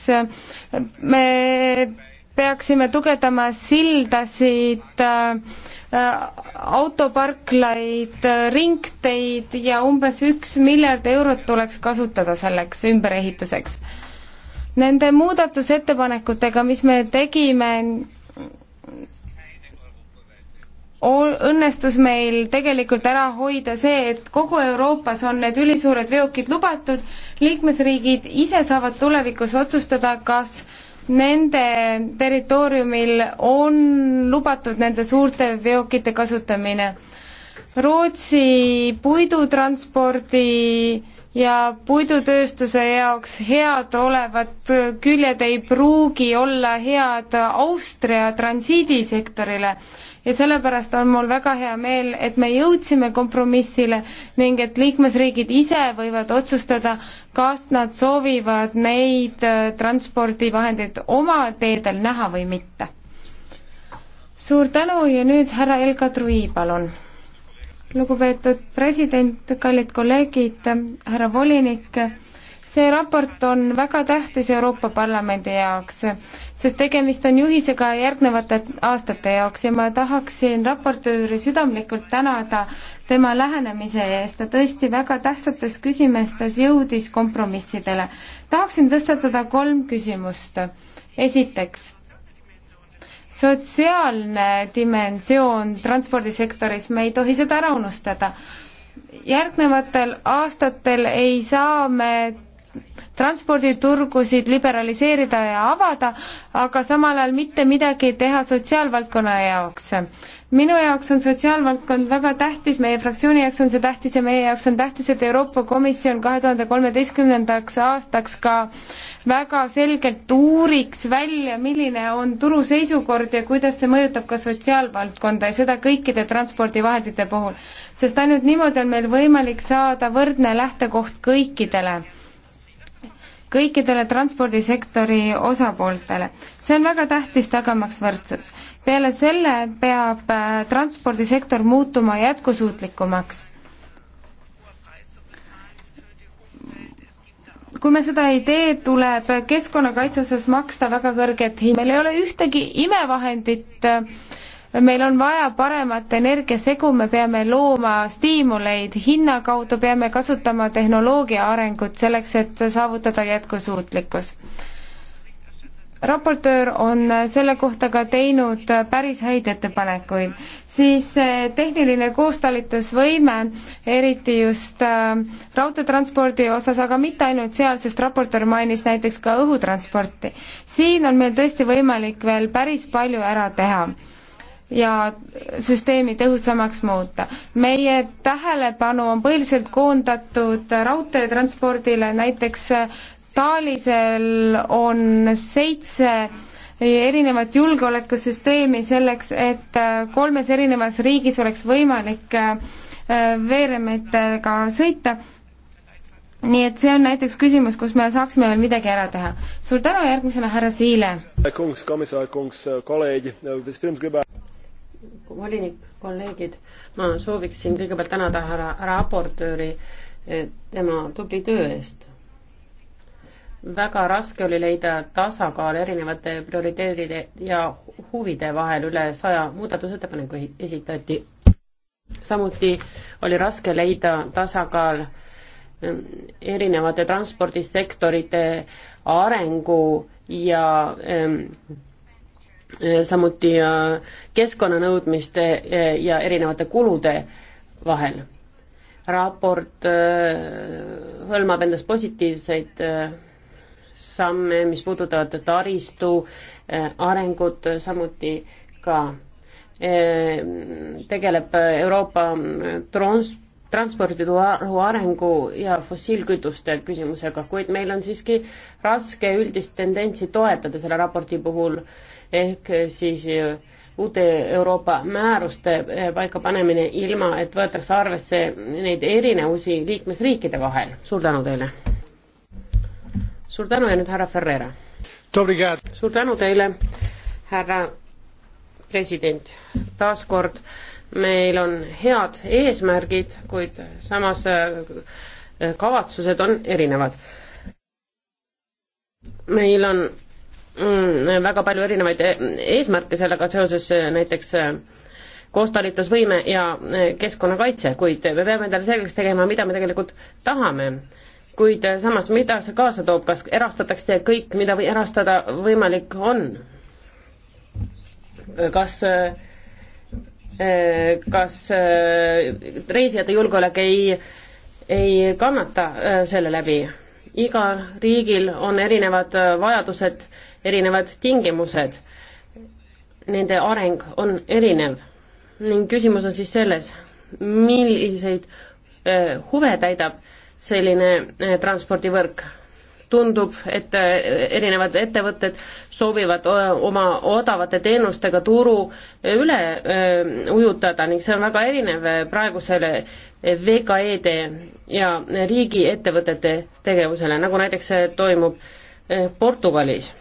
me peaksime tugevdama sildasid, äh, autoparklaid, ringteid ja umbes üks miljard eurot tuleks kasutada selleks ümberehituseks. Nende muudatusettepanekutega, mis me tegime, õnnestus meil tegelikult ära hoida see, et kogu Euroopas on need ülisuured veokid lubatud, liikmesriigid ise saavad tulevikus otsustada, kas nende territooriumil on lubatud nende suurte veokite kasutamine. Rootsi puidutranspordi ja puidutööstuse jaoks head olevad küljed ei pruugi olla head Austria transiidisektorile. ja sellepärast on mul väga hea meel, et me jõudsime kompromissile ning et liikmesriigid ise võivad otsustada, kas nad soovivad neid äh, transpordivahendeid oma teedel näha või mitte. suur tänu ja nüüd härra Elka Trui, palun lugupeetud president, kallid kolleegid, härra volinik, see raport on väga tähtis Euroopa Parlamendi jaoks, sest tegemist on juhisega järgnevate aastate jaoks ja ma tahaksin raportööri südamlikult tänada tema lähenemise eest, ta tõesti väga tähtsates küsimustes jõudis kompromissidele. tahaksin tõstatada kolm küsimust. esiteks sotsiaalne dimensioon transpordisektoris, me ei tohi seda ära unustada. järgnevatel aastatel ei saa me transporditurgusid liberaliseerida ja avada, aga samal ajal mitte midagi teha sotsiaalvaldkonna jaoks. minu jaoks on sotsiaalvaldkond väga tähtis, meie fraktsiooni jaoks on see tähtis ja meie jaoks on tähtis, et Euroopa Komisjon kahe tuhande kolmeteistkümnendaks aastaks ka väga selgelt uuriks välja, milline on turu seisukord ja kuidas see mõjutab ka sotsiaalvaldkonda ja seda kõikide transpordivahendite puhul. sest ainult niimoodi on meil võimalik saada võrdne lähtekoht kõikidele kõikidele transpordisektori osapooltele. see on väga tähtis, tagamaks võrdsus. peale selle peab äh, transpordisektor muutuma jätkusuutlikumaks. kui me seda ei tee, tuleb keskkonnakaitse osas maksta väga kõrget hinda, meil ei ole ühtegi imevahendit äh, meil on vaja paremat energiasegu, me peame looma stiimuleid hinna kaudu, peame kasutama tehnoloogia arengut selleks, et saavutada jätkusuutlikkus. raportöör on selle kohta ka teinud päris häid ettepanekuid, siis tehniline koostalitusvõime, eriti just äh, raudteetranspordi osas, aga mitte ainult seal, sest raportöör mainis näiteks ka õhutransporti. siin on meil tõesti võimalik veel päris palju ära teha ja süsteemi tõhusamaks muuta. meie tähelepanu on põhiliselt koondatud raudteetranspordile, näiteks Taalisel on seitse erinevat julgeolekusüsteemi selleks, et kolmes erinevas riigis oleks võimalik äh, veeremetega sõita. nii et see on näiteks küsimus, kus me saaksime veel midagi ära teha. suur tänu, järgmisena härra Siile volinik, kolleegid, ma sooviksin kõigepealt tänada härra raportööri eh, tema tubli töö eest. väga raske oli leida tasakaal erinevate prioriteedide ja huvide vahel, üle saja muudatusettepaneku esitati. samuti oli raske leida tasakaal ehm, erinevate transpordisektorite arengu ja ähm, samuti äh, keskkonnanõudmiste äh, ja erinevate kulude vahel. raport äh, hõlmab endas positiivseid samme, mis puudutavad taristu arengut, samuti ka tegeleb Euroopa trans-, transpordituru arengu ja fossiilkütuste küsimusega, kuid meil on siiski raske üldist tendentsi toetada selle raporti puhul äh, ehk siis äh, uute Euroopa määruste äh, paikapanemine, ilma et võetakse arvesse neid erinevusi liikmesriikide vahel. suur tänu teile! suur tänu ja nüüd härra Ferreira. suur tänu teile, härra president. taas kord meil on head eesmärgid, kuid samas äh, kavatsused on erinevad. meil on Mm, väga palju erinevaid eh, eesmärke sellega seoses, eh, näiteks eh, koostalitusvõime ja keskkonnakaitse, kuid me peame endale selgeks tegema, mida me tegelikult tahame. kuid samas, mida see kaasa toob, kas erastatakse kõik, mida või erastada võimalik on? kas, kas reisijate julgeolek ei, ei kannata selle läbi? igal riigil on erinevad vajadused erinevad tingimused. Nende areng on erinev ning küsimus on siis selles, milliseid äh, huve täidab selline äh, transpordivõrk. tundub, et äh, erinevad ettevõtted soovivad oma odavate teenustega turu üle ujutada ning see on väga erinev praegusele VKE-de ja riigiettevõtete tegevusele, nagu näiteks toimub Portugalis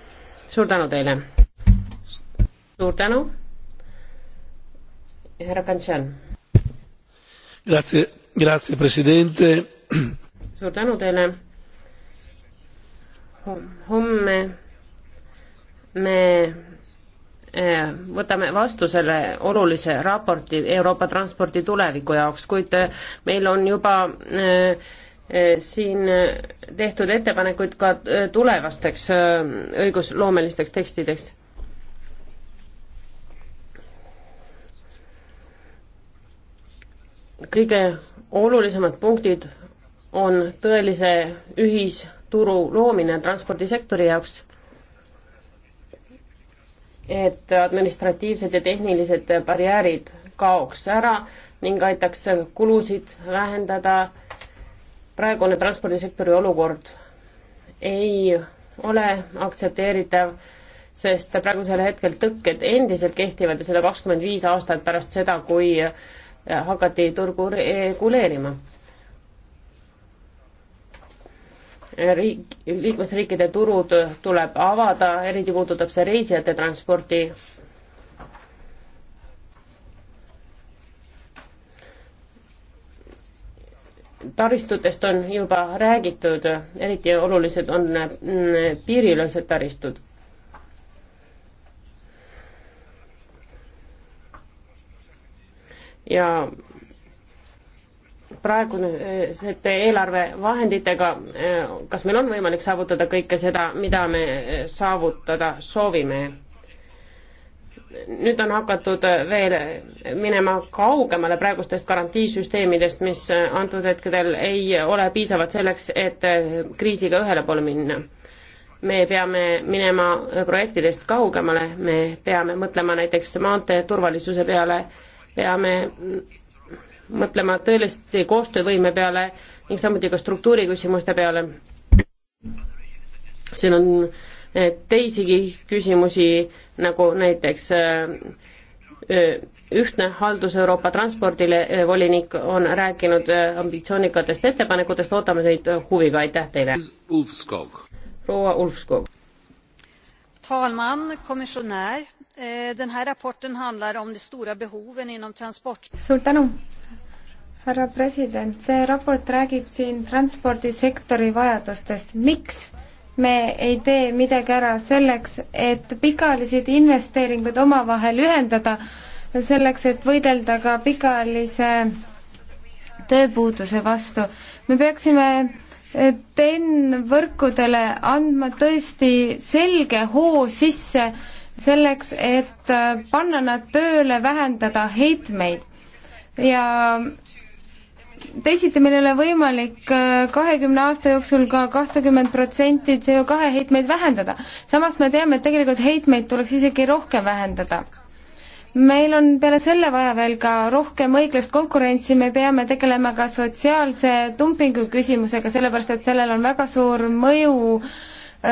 suur tänu teile. suur tänu. härra Kantšan. Grazie, grazie, president. suur tänu teile. homme me eh, võtame vastu selle olulise raporti Euroopa transpordi tuleviku jaoks, kuid eh, meil on juba äh, Eh, siin eh, tehtud ettepanekuid ka eh, tulevasteks õigusloomelisteks tekstideks? kõige olulisemad punktid on tõelise ühisturu loomine transpordisektori jaoks, et administratiivsed ja tehnilised barjäärid kaoks ära ning aitaks kulusid vähendada praegune transpordisektori olukord ei ole aktsepteeritav, sest praegusel hetkel tõkked endiselt kehtivad ja seda kakskümmend viis aastat pärast seda, kui eh, hakati turgu reguleerima. riik, liikmesriikide turud tuleb avada, eriti puudutab see reisijate transporti taristutest on juba räägitud, eriti olulised on piiriülesed taristud. ja praegusete eelarvevahenditega, kas meil on võimalik saavutada kõike seda, mida me saavutada soovime? nüüd on hakatud veel minema kaugemale praegustest garantiisüsteemidest, mis antud hetkedel ei ole piisavad selleks, et kriisiga ühele poole minna. me peame minema projektidest kaugemale, me peame mõtlema näiteks maantee turvalisuse peale, peame mõtlema tõesti koostöövõime peale ning samuti ka struktuuriküsimuste peale. siin on äh, teisigi küsimusi, nagu näiteks äh, äh, ühtne haldus Euroopa transpordile, äh, volinik on rääkinud ambitsioonikatest ettepanekutest, ootame teid huviga, aitäh teile! proua Ulfskog. talman, komisjonär, eh, den här rapporten handlar om de stora behoven inom transport. suur tänu! härra president, see raport räägib siin transpordisektori vajadustest, miks me ei tee midagi ära selleks, et pikaajalised investeeringud omavahel ühendada, selleks, et võidelda ka pikaajalise tööpuuduse vastu. me peaksime eh, TEN võrkudele andma tõesti selge hoo sisse selleks, et eh, panna nad tööle, vähendada heitmeid ja teisiti meil ei ole võimalik äh, kahekümne aasta jooksul ka kahtekümmend protsenti CO2 heitmeid vähendada. samas me teame, et tegelikult heitmeid tuleks isegi rohkem vähendada. meil on peale selle vaja veel ka rohkem õiglast konkurentsi, me peame tegelema ka sotsiaalse dumpingu küsimusega, sellepärast et sellel on väga suur mõju öö,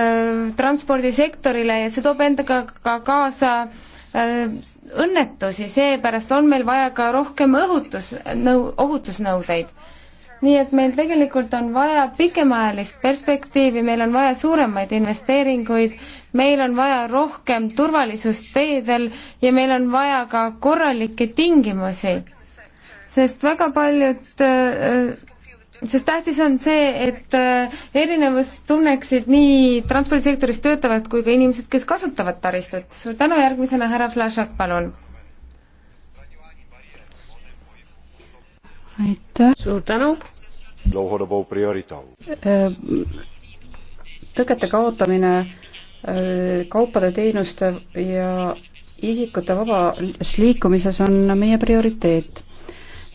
äh, transpordisektorile ja see toob endaga ka kaasa öö, Äh, õnnetusi, seepärast on meil vaja ka rohkem õhutus, nõu-, ohutusnõudeid. nii et meil tegelikult on vaja pikemaajalist perspektiivi, meil on vaja suuremaid investeeringuid, meil on vaja rohkem turvalisust teedel ja meil on vaja ka korralikke tingimusi. sest väga paljud äh, sest tähtis on see, et äh, erinevust tunneksid nii transpordisektoris töötavad kui ka inimesed, kes kasutavad taristut. suur tänu, järgmisena härra Flašak, palun. aitäh. suur tänu. Äh, tõkete kaotamine äh, kaupade, teenuste ja isikute vabas liikumises on meie prioriteet.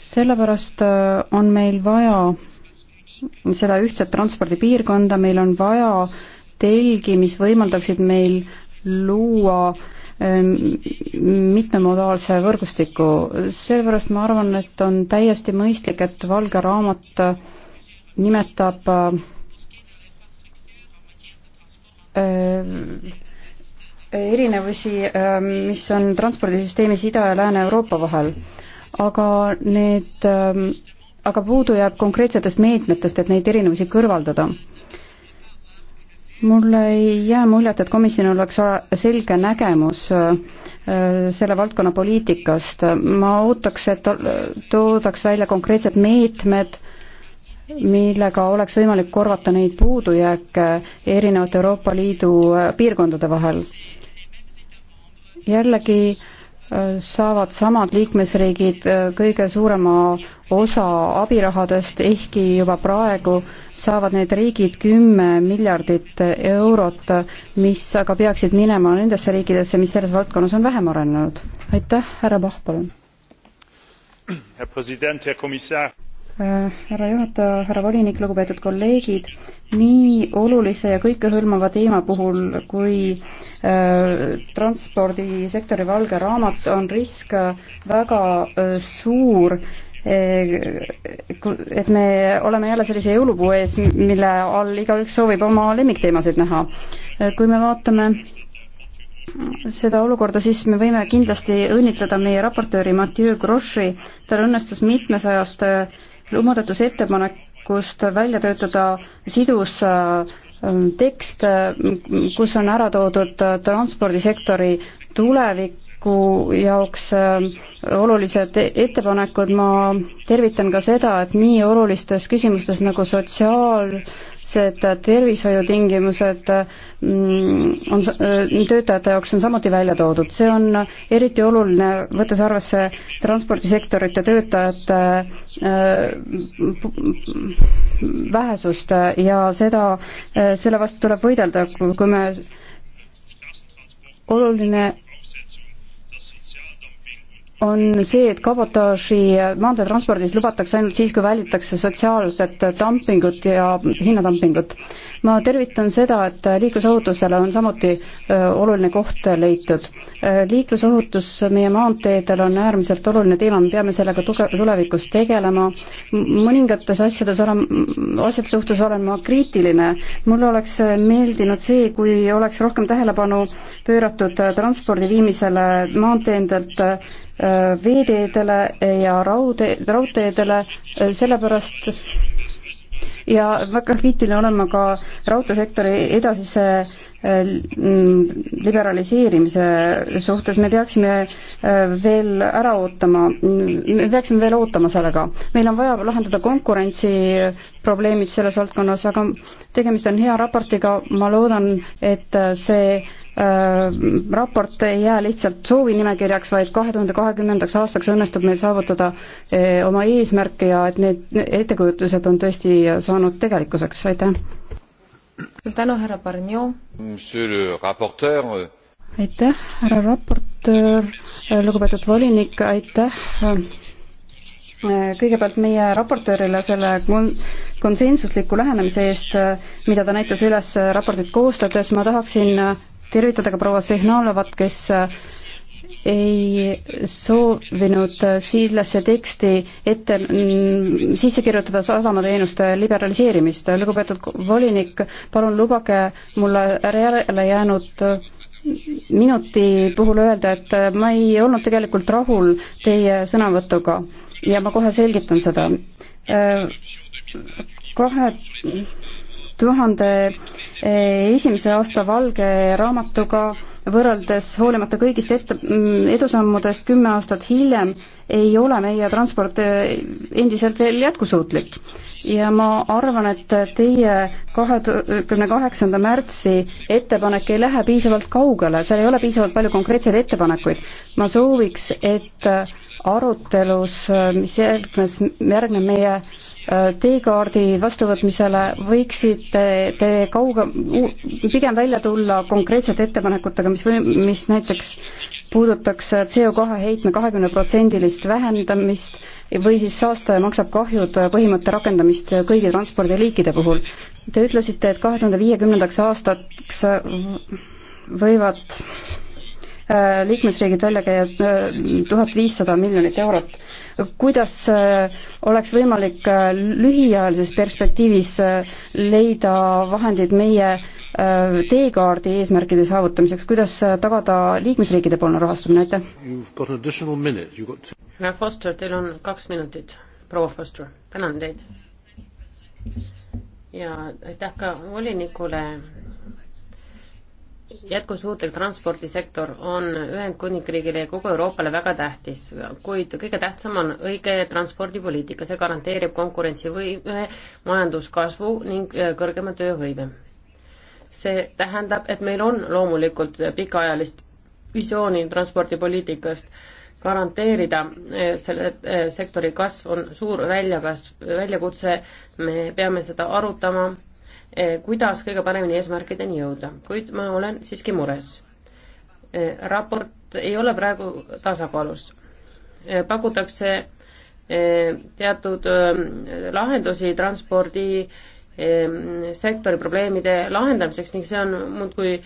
sellepärast on meil vaja seda ühtset transpordipiirkonda, meil on vaja telgi, mis võimaldaksid meil luua ähm, mitmemodaalse võrgustiku, sellepärast ma arvan, et on täiesti mõistlik, et Valge Raamat äh, nimetab äh, äh, erinevusi, ähm, mis on transpordisüsteemis Ida- ja Lääne-Euroopa vahel. aga need ähm, aga puudu jääb konkreetsetest meetmetest, et neid erinevusi kõrvaldada. mulle ei jää muljet, et komisjonil oleks selge nägemus äh, selle valdkonna poliitikast, ma ootaks, et toodaks välja konkreetsed meetmed, millega oleks võimalik korvata neid puudujääke erinevate Euroopa Liidu äh, piirkondade vahel. jällegi äh, saavad samad liikmesriigid äh, kõige suurema osa abirahadest, ehkki juba praegu saavad need riigid kümme miljardit eurot, mis aga peaksid minema nendesse riikidesse, mis selles valdkonnas on vähem arenenud. aitäh, härra Pahv, palun! Äh, härra juhataja, härra volinik, lugupeetud kolleegid, nii olulise ja kõikehõlmava teema puhul, kui äh, transpordisektori valge raamat, on risk äh, väga äh, suur äh, et me oleme jälle sellise jõulupuu ees, mille all igaüks soovib oma lemmikteemasid näha. kui me vaatame seda olukorda, siis me võime kindlasti õnnitleda meie raportööri Mathieu Grossi, tal õnnestus mitmesajast muudatusettepanekust välja töötada sidus äh, tekst, äh, kus on ära toodud äh, transpordisektori tuleviku jaoks olulised e-, ettepanekud, ma tervitan ka seda, et nii olulistes küsimustes nagu sotsiaal- võrdsed tervishoiutingimused mm, on äh, töötajate jaoks on samuti välja toodud, see on eriti oluline, võttes arvesse transpordisektorite töötajate äh, vähesust ja seda, äh, selle vastu tuleb võidelda, kui me oluline on see, et kabotaaži maanteetranspordis lubatakse ainult siis, kui välditakse sotsiaalset dumpingut ja hinnadumpingut ma tervitan seda, et liiklusohutusele on samuti oluline koht leitud. liiklusohutus meie maanteedel on äärmiselt oluline teema, me peame sellega tuge-, tulevikus tegelema. mõningates asjades olen, asjade suhtes olen ma kriitiline. mulle oleks meeldinud see, kui oleks rohkem tähelepanu pööratud transpordi viimisele maanteedelt veeteedele ja raudtee, raudteedele, sellepärast ja väga kriitiline olen ma ka raudteesektori edasise eh, mm, liberaliseerimise suhtes me peaksime eh, veel ära ootama, me peaksime veel ootama sellega. meil on vaja lahendada konkurentsiprobleemid selles valdkonnas, aga tegemist on hea raportiga, ma loodan, et eh, see Äh, raport ei jää lihtsalt soovinimekirjaks, vaid kahe tuhande kahekümnendaks aastaks õnnestub meil saavutada äh, oma eesmärke ja et need ettekujutused on tõesti saanud tegelikkuseks, aitäh! tänu, härra Barnio! Euh, aitäh, härra raportöör, äh, lugupeetud volinik, aitäh kõigepealt meie raportöörile selle kon-, konsensusliku lähenemise eest, mida ta näitas üles raportit koostades, ma tahaksin tervitada ka proua Sehnalovat, kes äh, ei soovinud äh, siidlasse teksti ette mm, sisse kirjutada sadamateenuste liberaliseerimist. lugupeetud volinik, palun lubage mulle järele jäänud äh, minuti puhul öelda, et ma ei olnud tegelikult rahul teie sõnavõtuga ja ma kohe selgitan seda. kahe tuhande 2000 Eh, esimese aasta valge raamatuga võrreldes hoolimata kõigist ette, mm, edusammudest kümme aastat hiljem äh, ei ole meie transport eh, endiselt veel jätkusuutlik. ja ma arvan, et teie kahekümne kaheksanda märtsi ettepanek ei lähe piisavalt kaugele, seal ei ole piisavalt palju konkreetseid ettepanekuid. ma sooviks, et arutelus, mis järgnes, järgneb meie eh, teekaardi vastuvõtmisele, võiksite te kauge, pigem välja tulla konkreetsete ettepanekutega, mis või, mis näiteks puudutaks CO2 heitme kahekümneprotsendilist vähendamist või siis saastaja maksab kahjud põhimõtte rakendamist kõigi transpordiliikide puhul. Te ütlesite, et kahe tuhande viiekümnendaks aastaks võivad äh, liikmesriigid välja käia äh, tuhat viissada miljonit eurot. kuidas äh, oleks võimalik lühiajalises perspektiivis leida vahendid meie äh, Äh, teekaardi eesmärkide saavutamiseks, kuidas äh, tagada liikmesriikide poolne rahastamine, aitäh! härra Foster, teil on kaks minutit, proua Foster, tänan teid! ja aitäh ka volinikule, jätkusuutlik transpordisektor on Ühendkuningriigile ja kogu Euroopale väga tähtis, kuid kõige tähtsam on õige transpordipoliitika, see garanteerib konkurentsivõime, majanduskasvu ning äh, kõrgema tööhõive see tähendab, et meil on loomulikult pikaajalist visiooni transpordipoliitikast garanteerida eh, selle eh, sektori kasv on suur väljakasv, väljakutse, me peame seda arutama, eh, kuidas kõige paremini eesmärkideni jõuda, kuid ma olen siiski mures. raport ei ole praegu tasakaalus. pakutakse teatud lahendusi transpordi Ehm, sektori probleemide lahendamiseks ning see on muudkui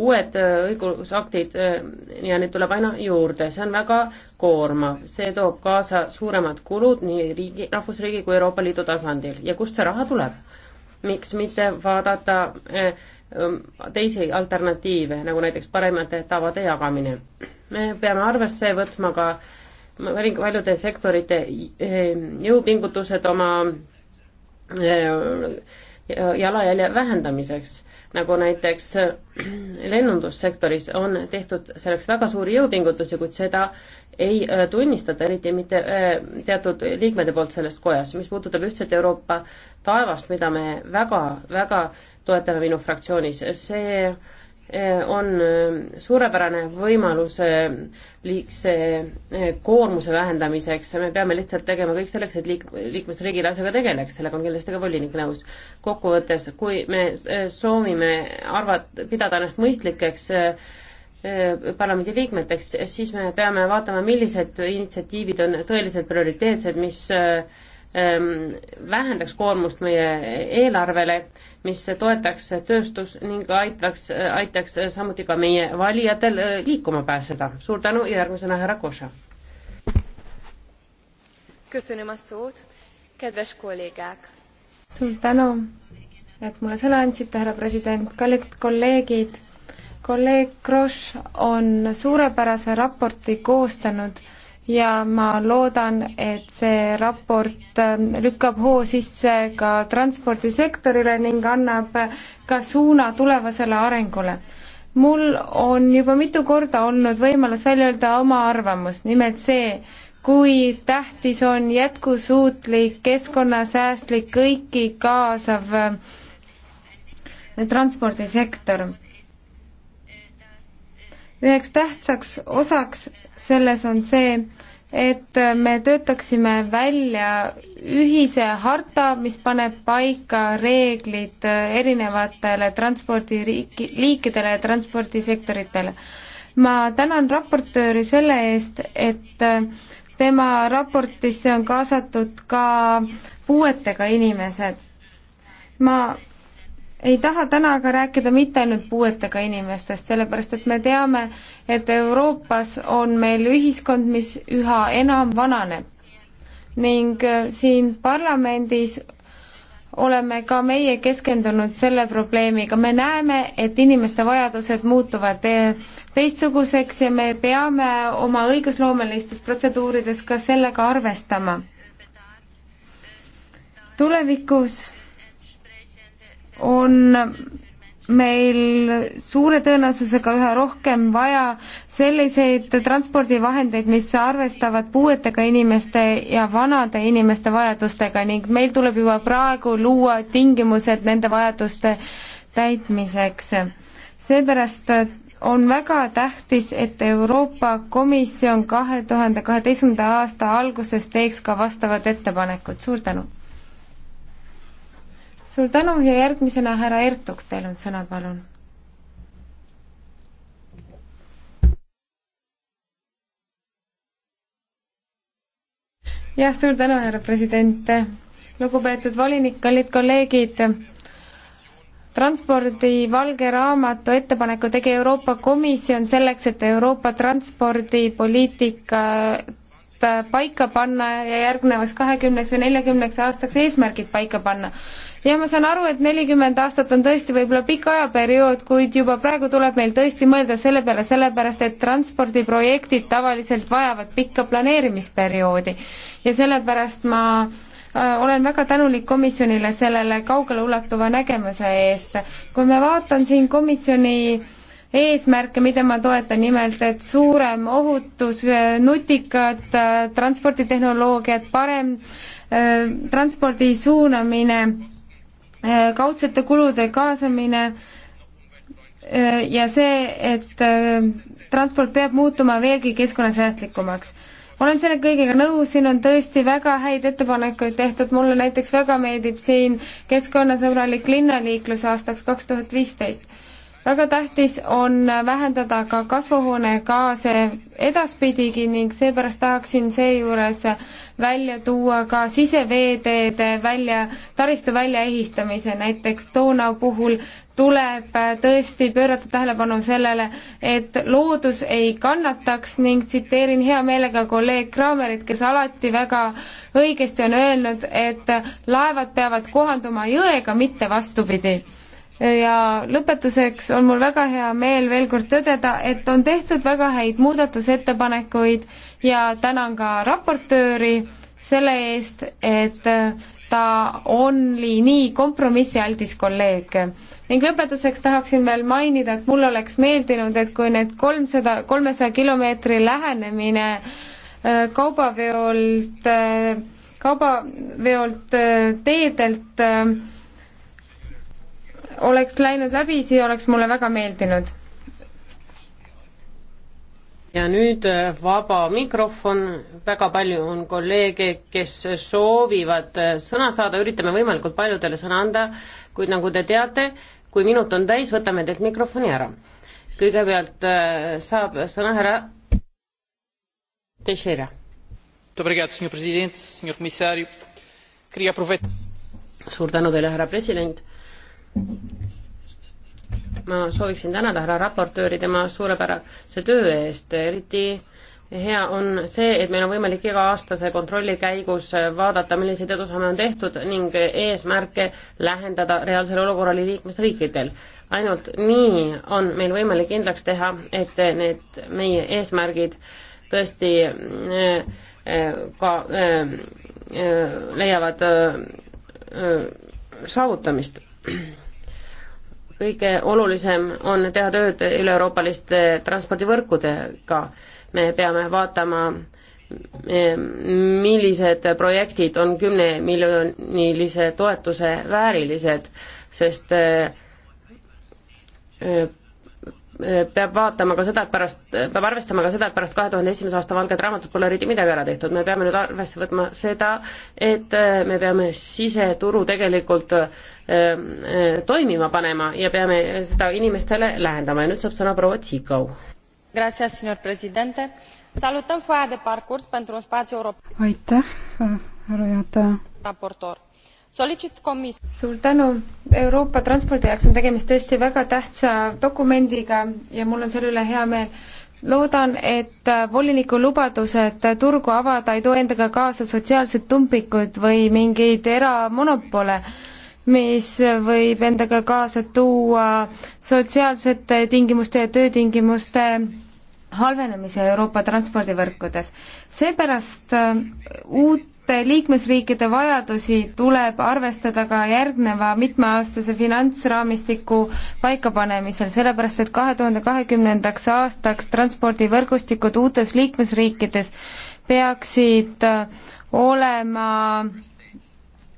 uued äh, õigusaktid äh, ja neid tuleb aina juurde, see on väga koormav, see toob kaasa suuremad kulud nii riigi, rahvusriigi kui Euroopa Liidu tasandil ja kust see raha tuleb? miks mitte vaadata äh, ähm, teisi alternatiive, nagu näiteks paremate tavade jagamine. me peame arvesse võtma ka paljude sektorite jõupingutused oma jalajälje vähendamiseks, nagu näiteks äh, lennundussektoris on tehtud selleks väga suuri jõupingutusi, kuid seda ei äh, tunnistata, eriti mitte äh, teatud liikmete poolt selles kojas. mis puudutab ühtset Euroopa taevast, mida me väga, väga toetame minu fraktsioonis, see on äh, suurepärane võimalus äh, liigse äh, koormuse vähendamiseks, me peame lihtsalt tegema kõik selleks, et liik-, liikmesriigid asjaga tegeleks, sellega on kindlasti ka volinik nõus. kokkuvõttes, kui me soovime arvat-, pidada ennast mõistlikeks parlamendi liikmeteks, siis me peame vaatama, millised initsiatiivid on tõeliselt prioriteetsed, mis äh, Ähm, vähendaks koormust meie eelarvele, mis toetaks tööstus ning aitaks, aitaks samuti ka meie valijatel äh, liikuma pääseda. suur tänu ja järgmisena härra Koša. suur tänu, et mulle sõna andsite, härra president, kallid kolleegid. kolleeg Kross on suurepärase raporti koostanud ja ma loodan, et see raport ähm, lükkab hoo sisse ka transpordisektorile ning annab ka suuna tulevasele arengule. mul on juba mitu korda olnud võimalus välja öelda oma arvamus, nimelt see, kui tähtis on jätkusuutlik, keskkonnasäästlik, kõiki kaasav äh, transpordisektor. üheks tähtsaks osaks selles on see, et me töötaksime välja ühise harta, mis paneb paika reeglid erinevatele transpordiliikidele ja transpordisektoritele. ma tänan raportööri selle eest, et tema raportisse on kaasatud ka puuetega inimesed. ma ei taha täna aga rääkida mitte ainult puuetega inimestest, sellepärast et me teame, et Euroopas on meil ühiskond, mis üha enam vananeb. ning äh, siin parlamendis oleme ka meie keskendunud selle probleemiga, me näeme, et inimeste vajadused muutuvad äh, teistsuguseks ja me peame oma õigusloomelistes protseduurides ka sellega arvestama. tulevikus on meil suure tõenäosusega üha rohkem vaja selliseid transpordivahendeid, mis arvestavad puuetega inimeste ja vanade inimeste vajadustega ning meil tuleb juba praegu luua tingimused nende vajaduste täitmiseks. seepärast on väga tähtis, et Euroopa Komisjon kahe tuhande kaheteistkümnenda aasta alguses teeks ka vastavad ettepanekud, suur tänu! suur tänu ja järgmisena härra Ertuk, teil on sõna, palun. jah, suur tänu, härra president. lugupeetud volinik, kallid kolleegid transpordi valge raamatu ettepaneku tegi Euroopa Komisjon selleks, et Euroopa transpordipoliitika aastat äh, paika panna ja järgnevaks kahekümneks või neljakümneks aastaks eesmärgid paika panna. ja ma saan aru, et nelikümmend aastat on tõesti võib-olla pikk ajaperiood, kuid juba praegu tuleb meil tõesti mõelda selle peale, sellepärast et transpordiprojektid tavaliselt vajavad pikka planeerimisperioodi ja sellepärast ma äh, olen väga tänulik komisjonile sellele kaugeleulatuva nägemuse eest. kui ma vaatan siin komisjoni eesmärke, mida ma toetan, nimelt et suurem ohutus, nutikad äh, transporditehnoloogiad, parem äh, transpordi suunamine, äh, kaudsete kulude kaasamine ja see, et transport peab muutuma veelgi keskkonnasäästlikumaks olen selle kõigega nõus, siin on tõesti väga häid ettepanekuid tehtud, mulle näiteks väga meeldib siin keskkonnasõbralik linnaliiklus aastaks kaks tuhat viisteist väga tähtis on vähendada ka kasvuhoonegaase edaspidigi ning seepärast tahaksin seejuures välja tuua ka siseveeteede välja, taristu väljaehitamise, näiteks Donau puhul tuleb tõesti pöörata tähelepanu sellele, et loodus ei kannataks ning tsiteerin hea meelega kolleeg Kraamerit, kes alati väga õigesti on öelnud, et laevad peavad kohanduma jõega, mitte vastupidi ja lõpetuseks on mul väga hea meel veel kord tõdeda, et on tehtud väga häid muudatusettepanekuid ja tänan ka raportööri selle eest, et ta oli nii kompromissialdis kolleeg. ning lõpetuseks tahaksin veel mainida, et mul oleks meeldinud, et kui need kolmsada, kolmesaja kilomeetri lähenemine äh, kaubaveolt, äh, kaubaveolt äh, teedelt oleks läinud läbi, siis oleks mulle väga meeldinud. ja nüüd äh, vaba mikrofon, väga palju on kolleege, kes soovivad äh, sõna saada, üritame võimalikult paljudele sõna anda, kuid nagu te teate, kui minut on täis, võtame teilt mikrofoni ära. kõigepealt äh, saab sõna härra Teixeira. suur tänu teile, härra president ma sooviksin tänada härra raportööri tema suurepärase töö eest, eriti hea on see, et meil on võimalik iga-aastase kontrolli käigus vaadata, milliseid edusamme on tehtud ning eesmärke lähendada reaalsele olukorrale liikmesriikidel. ainult nii on meil võimalik kindlaks teha, et need meie eesmärgid tõesti eh, eh, ka eh, leiavad saavutamist kõige olulisem on teha tööd üle-euroopaliste transpordivõrkudega. me peame vaatama, e, millised projektid on kümnemiljonilise toetuse väärilised, sest e, e, peab vaatama ka seda, et pärast, peab arvestama ka seda, et pärast kahe tuhande esimese aasta valget raamatut pole eriti midagi ära tehtud, me peame nüüd arvesse võtma seda, et äh, me peame siseturu tegelikult ähm, äh, toimima panema ja peame seda inimestele lähendama ja nüüd saab sõna proua Tsikau. aitäh, härra juhataja solicit komis-. suur tänu, Euroopa transpordi jaoks on tegemist tõesti väga tähtsa dokumendiga ja mul on selle üle hea meel. loodan, et äh, voliniku lubadused äh, turgu avada ei too endaga kaasa sotsiaalset tumpikut või mingeid eramonopole, mis võib endaga kaasa tuua sotsiaalsete tingimuste ja töötingimuste halvenemise Euroopa transpordivõrkudes. seepärast äh, uut liikmesriikide vajadusi tuleb arvestada ka järgneva mitmeaastase finantsraamistiku paikapanemisel, sellepärast et kahe tuhande kahekümnendaks aastaks transpordivõrgustikud uutes liikmesriikides peaksid äh, olema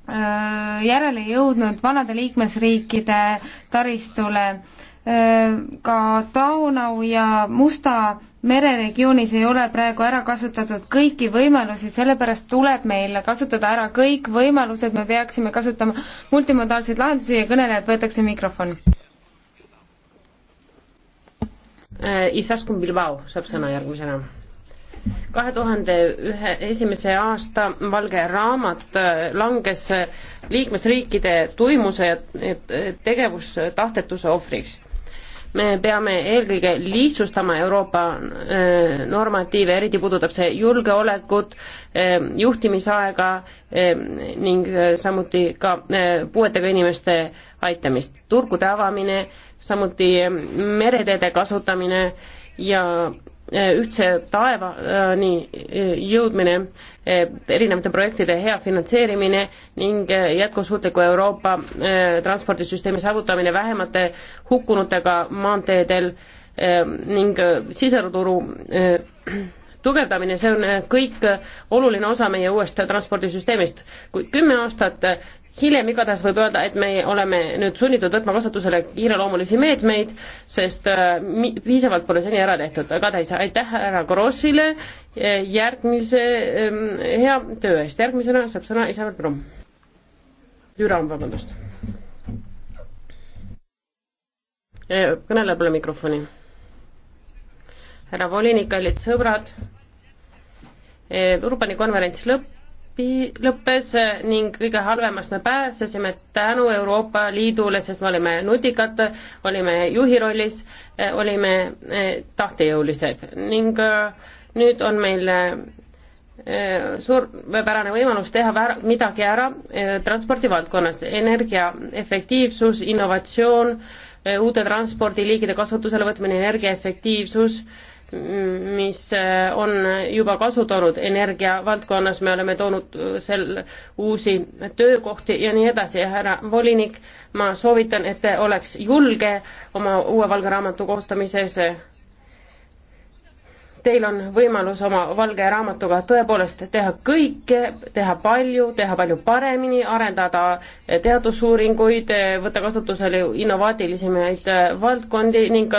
äh, järele jõudnud vanade liikmesriikide taristule äh, ka Taunau ja Musta mereregioonis ei ole praegu ära kasutatud kõiki võimalusi, sellepärast tuleb meil kasutada ära kõik võimalused, me peaksime kasutama multimodaalseid lahendusi ja kõnelejalt võetakse mikrofon. Äh, Izaskun Bilbao saab sõna järgmisena. kahe tuhande ühe, esimese aasta valge raamat äh, langes äh, liikmesriikide tuimuse ja tegevustahtetuse ohvriks me peame eelkõige lihtsustama Euroopa äh, normatiive, eriti puudutab see julgeolekut, äh, juhtimisaega äh, ning samuti ka puuetega inimeste aitamist. turgude avamine, samuti mereteede kasutamine ja Eh, ühtse taevani eh, jõudmine, eh, erinevate projektide hea finantseerimine ning jätkusuutliku Euroopa transpordisüsteemi saavutamine vähemate hukkunutega maanteedel ning siseturu tugevdamine, see on kõik oluline osa meie uuest transpordisüsteemist. kui kümme aastat hiljem igatahes võib öelda, et me oleme nüüd sunnitud võtma kasutusele kiireloomulisi meetmeid, sest äh, piisavalt pole seni ära tehtud, aga ta ei saa, aitäh härra Grossile äh, järgmise ähm, hea töö eest, järgmisena saab sõna Isabel Brumm. Jüram, vabandust. Äh, kõnele pole mikrofoni. härra volinik, kallid sõbrad, Urbani konverents lõpp, pii-, lõppes äh, ning kõige halvemast me pääsesime tänu Euroopa Liidule, sest me olime nutikad, olime juhi rollis, äh, olime äh, tahtejõulised ning nüüd on meil suurepärane võimalus teha väär, midagi ära transpordi valdkonnas, energia efektiivsus, innovatsioon, uute transpordiliigide kasutusele võtmine, energia efektiivsus äh,, mis äh, on juba kasu toonud energia valdkonnas, me oleme toonud äh, seal uusi töökohti ja nii edasi. härra volinik, ma soovitan, et te oleks julge oma uue valge raamatu koostamises teil on võimalus oma valge raamatuga tõepoolest teha kõike, teha palju, teha palju paremini, arendada teadusuuringuid, võtta kasutusele innovaatilisemaid valdkondi ning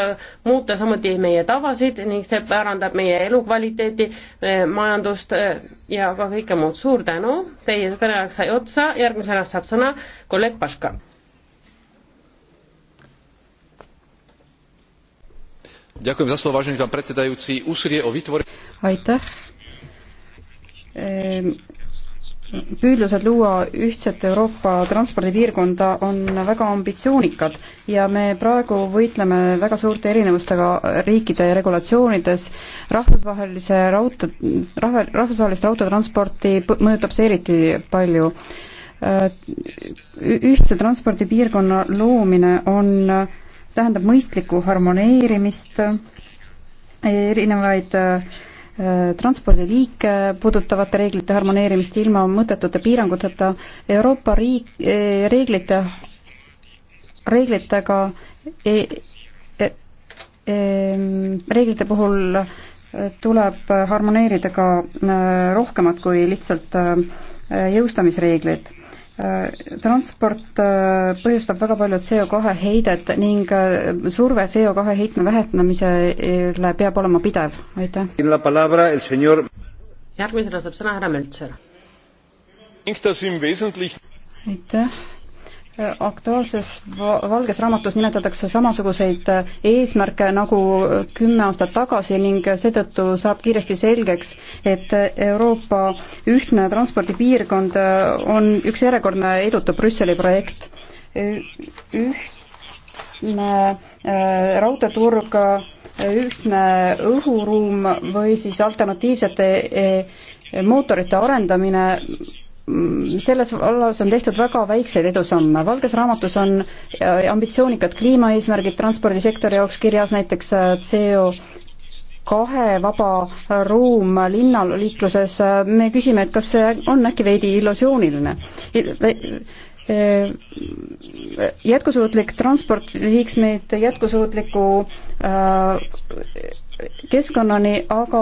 muuta samuti meie tavasid ning see parandab meie elukvaliteeti, majandust ja ka kõike muud. suur tänu, teie kõneaeg sai otsa, järgmisena saab sõna kolleeg Paška aitäh ehm, püüdlused luua ühtset Euroopa transpordipiirkonda on väga ambitsioonikad ja me praegu võitleme väga suurte erinevustega riikide regulatsioonides. rahvusvahelise raudtee, rahvusvahelist autotransporti mõjutab see eriti palju. Äh, ühtse transpordipiirkonna loomine on tähendab mõistlikku harmoneerimist, erinevaid äh, transpordiliike puudutavate reeglite harmoneerimist ilma mõttetute piiranguteta, Euroopa riik, e, reeglite, reeglitega e, e, e, reeglite puhul äh, tuleb harmoneerida ka äh, rohkemat kui lihtsalt jõustamisreeglid Äh, transport äh, põhjustab väga palju CO2 heidet ning äh, surve CO2 heitme vähendamisele peab olema pidev, aitäh. järgmisena saab sõna härra Möltser. aitäh aktuaalses valges raamatus nimetatakse samasuguseid äh, eesmärke nagu äh, kümme aastat tagasi ning seetõttu saab kiiresti selgeks, et äh, Euroopa ühtne transpordipiirkond on üks järjekordne edutu Brüsseli projekt. ühtne raudteeturg, ühtne õhuruum või siis alternatiivsete mootorite arendamine Mm, selles vallas on tehtud väga väikseid edusamme. valges raamatus on äh, ambitsioonikad kliimaeesmärgid transpordisektori jaoks kirjas, näiteks äh, CO kahe vaba ruum linnaliikluses, äh, me küsime, et kas see on äkki veidi illusiooniline? Äh, jätkusuutlik transport viiks meid jätkusuutliku äh, keskkonnani, aga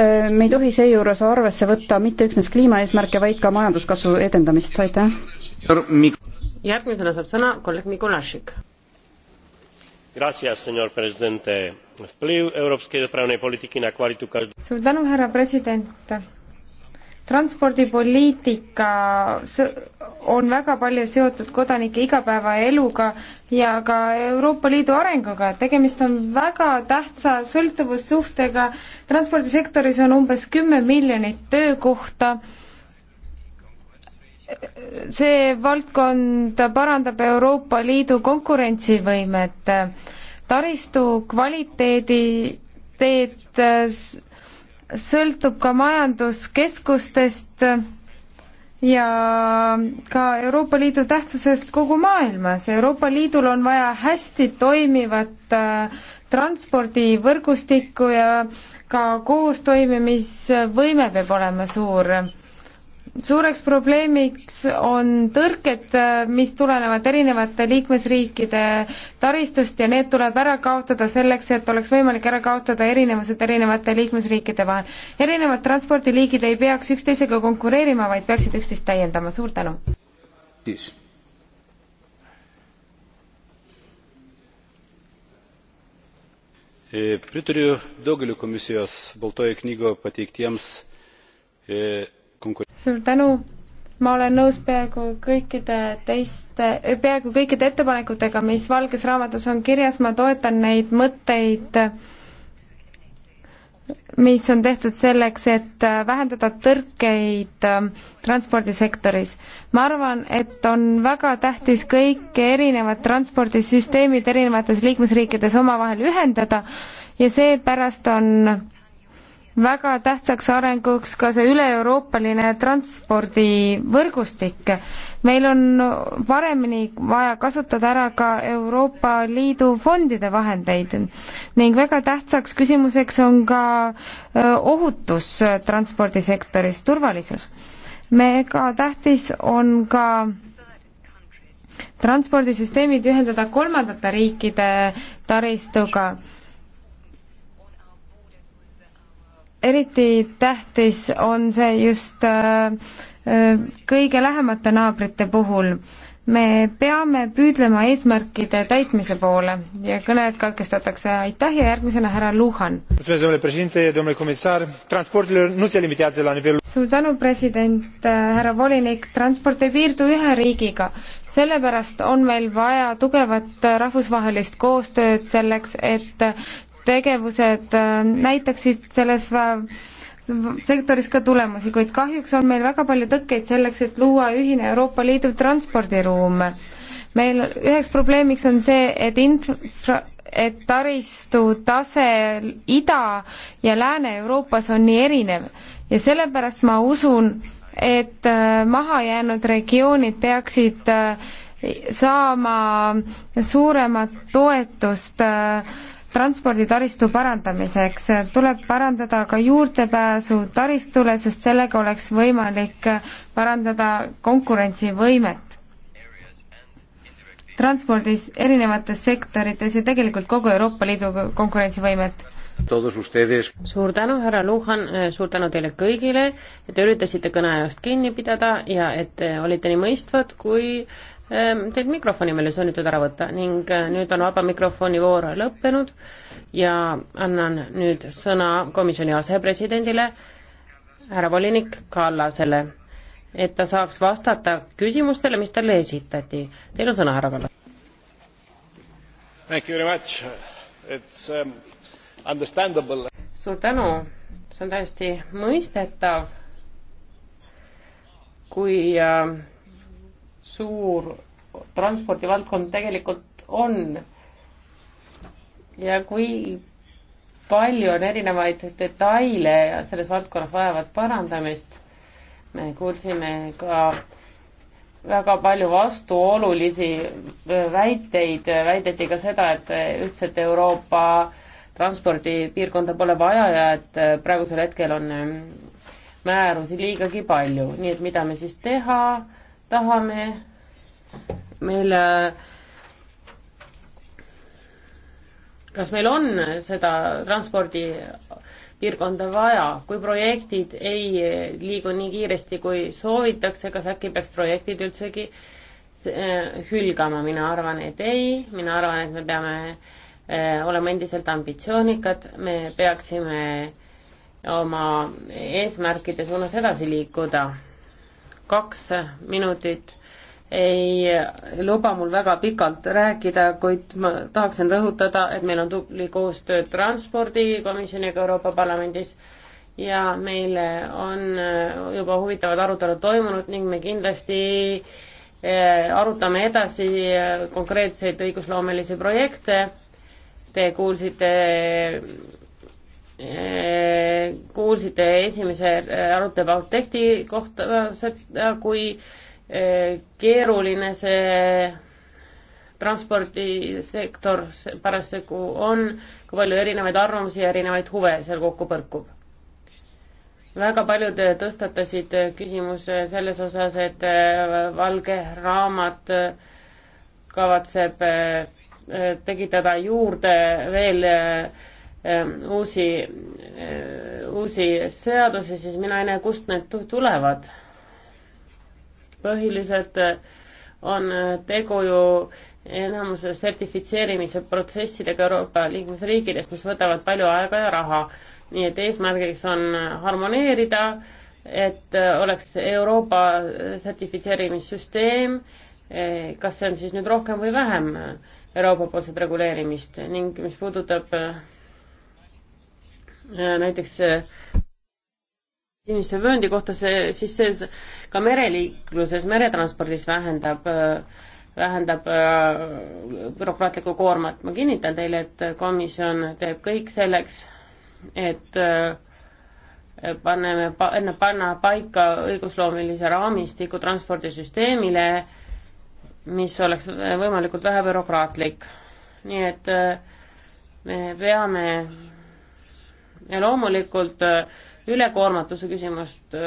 äh, me ei tohi seejuures arvesse võtta mitte üksnes kliimaeesmärke, vaid ka majanduskasvu edendamist, aitäh. järgmisena saab sõna kolleeg Mikulašik. Gracias, senor presidente. vplyv európskej dopravnej politiky na kvalitu každého suur tänu, härra president transpordipoliitika on väga palju seotud kodanike igapäevaeluga ja ka Euroopa Liidu arenguga, et tegemist on väga tähtsa sõltuvussuhtega, transpordisektoris on umbes kümme miljonit töökohta, see valdkond parandab Euroopa Liidu konkurentsivõimet, taristu kvaliteedi teed sõltub ka majanduskeskustest ja ka Euroopa Liidu tähtsusest kogu maailmas. Euroopa Liidul on vaja hästi toimivat äh, transpordivõrgustikku ja ka koostoimimisvõime peab olema suur suureks probleemiks on tõrked, äh, mis tulenevad erinevate liikmesriikide taristust ja need tuleb ära kaotada selleks, et oleks võimalik ära kaotada erinevused erinevate liikmesriikide vahel. erinevad transpordiliigid ei peaks üksteisega konkureerima, vaid peaksid üksteist täiendama, suur tänu! siis e, pritariu daugeliui komisijos baltojoje knygoje pateiktiems e, suur tänu, ma olen nõus peaaegu kõikide teiste, peaaegu kõikide ettepanekutega, mis Valges Raamatus on kirjas, ma toetan neid mõtteid, mis on tehtud selleks, et vähendada tõrkeid äh, transpordisektoris. ma arvan, et on väga tähtis kõik erinevad transpordisüsteemid erinevates liikmesriikides omavahel ühendada ja seepärast on väga tähtsaks arenguks ka see üle-euroopaline transpordivõrgustik. meil on paremini vaja kasutada ära ka Euroopa Liidu fondide vahendeid ning väga tähtsaks küsimuseks on ka ohutus transpordisektoris, turvalisus. mega tähtis on ka transpordisüsteemid ühendada kolmandate riikide taristuga eriti tähtis on see just äh, äh, kõige lähemate naabrite puhul. me peame püüdlema eesmärkide täitmise poole ja kõned katkestatakse. aitäh ja järgmisena härra Luhan. suur tänu, president, äh, härra volinik, transport ei piirdu ühe riigiga sellepärast on meil vaja tugevat rahvusvahelist koostööd selleks, et tegevused äh, näitaksid selles äh, sektoris ka tulemusi, kuid kahjuks on meil väga palju tõkkeid selleks, et luua ühine Euroopa Liidu transpordiruum. meil üheks probleemiks on see, et infra, et taristu tase Ida- ja Lääne-Euroopas on nii erinev ja sellepärast ma usun, et äh, mahajäänud regioonid peaksid saama suuremat toetust äh, transporditaristu parandamiseks. tuleb parandada ka juurdepääsu taristule, sest sellega oleks võimalik parandada konkurentsivõimet transpordis erinevates sektorites ja tegelikult kogu Euroopa Liidu konkurentsivõimet suur tänu, härra Luhan, suur tänu teile kõigile, et te üritasite kõneajast kinni pidada ja et olite nii mõistvad kui Ehm, Teilt mikrofoni meil ei sunnitud ära võtta ning äh, nüüd on vaba mikrofoni voor lõppenud ja annan nüüd sõna komisjoni asepresidendile, härra volinik Kallasele, et ta saaks vastata küsimustele, mis talle esitati. Teil on sõna, härra Kallas. Thank you very much. It's um, understandable. suur tänu, see on täiesti mõistetav, kui äh, suur transpordivaldkond tegelikult on ja kui palju on erinevaid detaile selles valdkonnas vajavad parandamist. me kuulsime ka väga palju vastuolulisi väiteid, väideti ka seda, et ühtset Euroopa transpordipiirkonda pole vaja ja et praegusel hetkel on määrusi liigagi palju, nii et mida me siis teha tahame meil, kas meil on seda transpordipiirkonda vaja, kui projektid ei liigu nii kiiresti, kui soovitakse, kas äkki peaks projektid üldsegi eh, hülgama, mina arvan, et ei, mina arvan, et me peame eh, olema endiselt ambitsioonikad, me peaksime oma eesmärkide suunas edasi liikuda kaks minutit ei luba mul väga pikalt rääkida, kuid ma tahaksin rõhutada, et meil on tubli koostöö Transpordikomisjoniga Euroopa Parlamendis ja meil on juba huvitavad arutelud toimunud ning me kindlasti eh, arutame edasi konkreetseid õigusloomelisi projekte. Te kuulsite Äh, kuulsite esimese äh, arutelu Bautehti kohta seda, kui äh, keeruline see transpordisektor parasjagu on, kui palju erinevaid arvamusi ja erinevaid huve seal kokku põrkub. väga paljud tõstatasid küsimuse selles osas, et valge raamat kavatseb tekitada juurde veel äh, Ähm, uusi, äh, uusi seadusi, siis mina ei näe, kust need tulevad. põhiliselt äh, on äh, tegu ju enamuse sertifitseerimise protsessidega Euroopa liikmesriikides, mis võtavad palju aega ja raha. nii et eesmärgiks on harmoneerida, et oleks Euroopa sertifitseerimissüsteem, kas see on siis nüüd rohkem või vähem Euroopa poolset reguleerimist ning mis puudutab Äh, näiteks sinise äh, vööndi kohta, see siis see ka mereliikluses, meretranspordis vähendab, äh, vähendab bürokraatlikku koormat. ma kinnitan teile, et komisjon teeb kõik selleks, et paneme, enne panna paika õigusloomelise raamistiku transpordisüsteemile, mis oleks võimalikult vähe bürokraatlik. nii et me peame ja loomulikult äh, ülekoormatuse küsimust äh,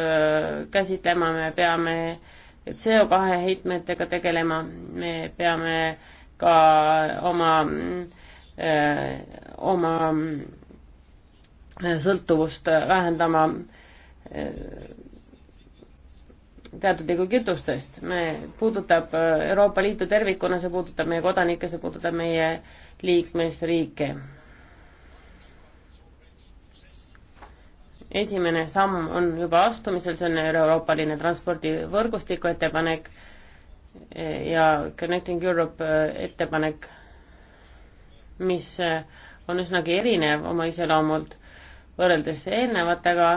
käsitlema me peame CO2 heitmetega tegelema, me peame ka oma, äh, oma sõltuvust vähendama teatud liigu kütustest. me, puudutab Euroopa Liitu tervikuna, see puudutab meie kodanikke, see puudutab meie liikmesriike esimene samm on juba astumisel, see on euroopaline transpordivõrgustiku ettepanek ja Connecting Europe äh, ettepanek, mis äh, on üsnagi erinev oma iseloomult võrreldes eelnevatega,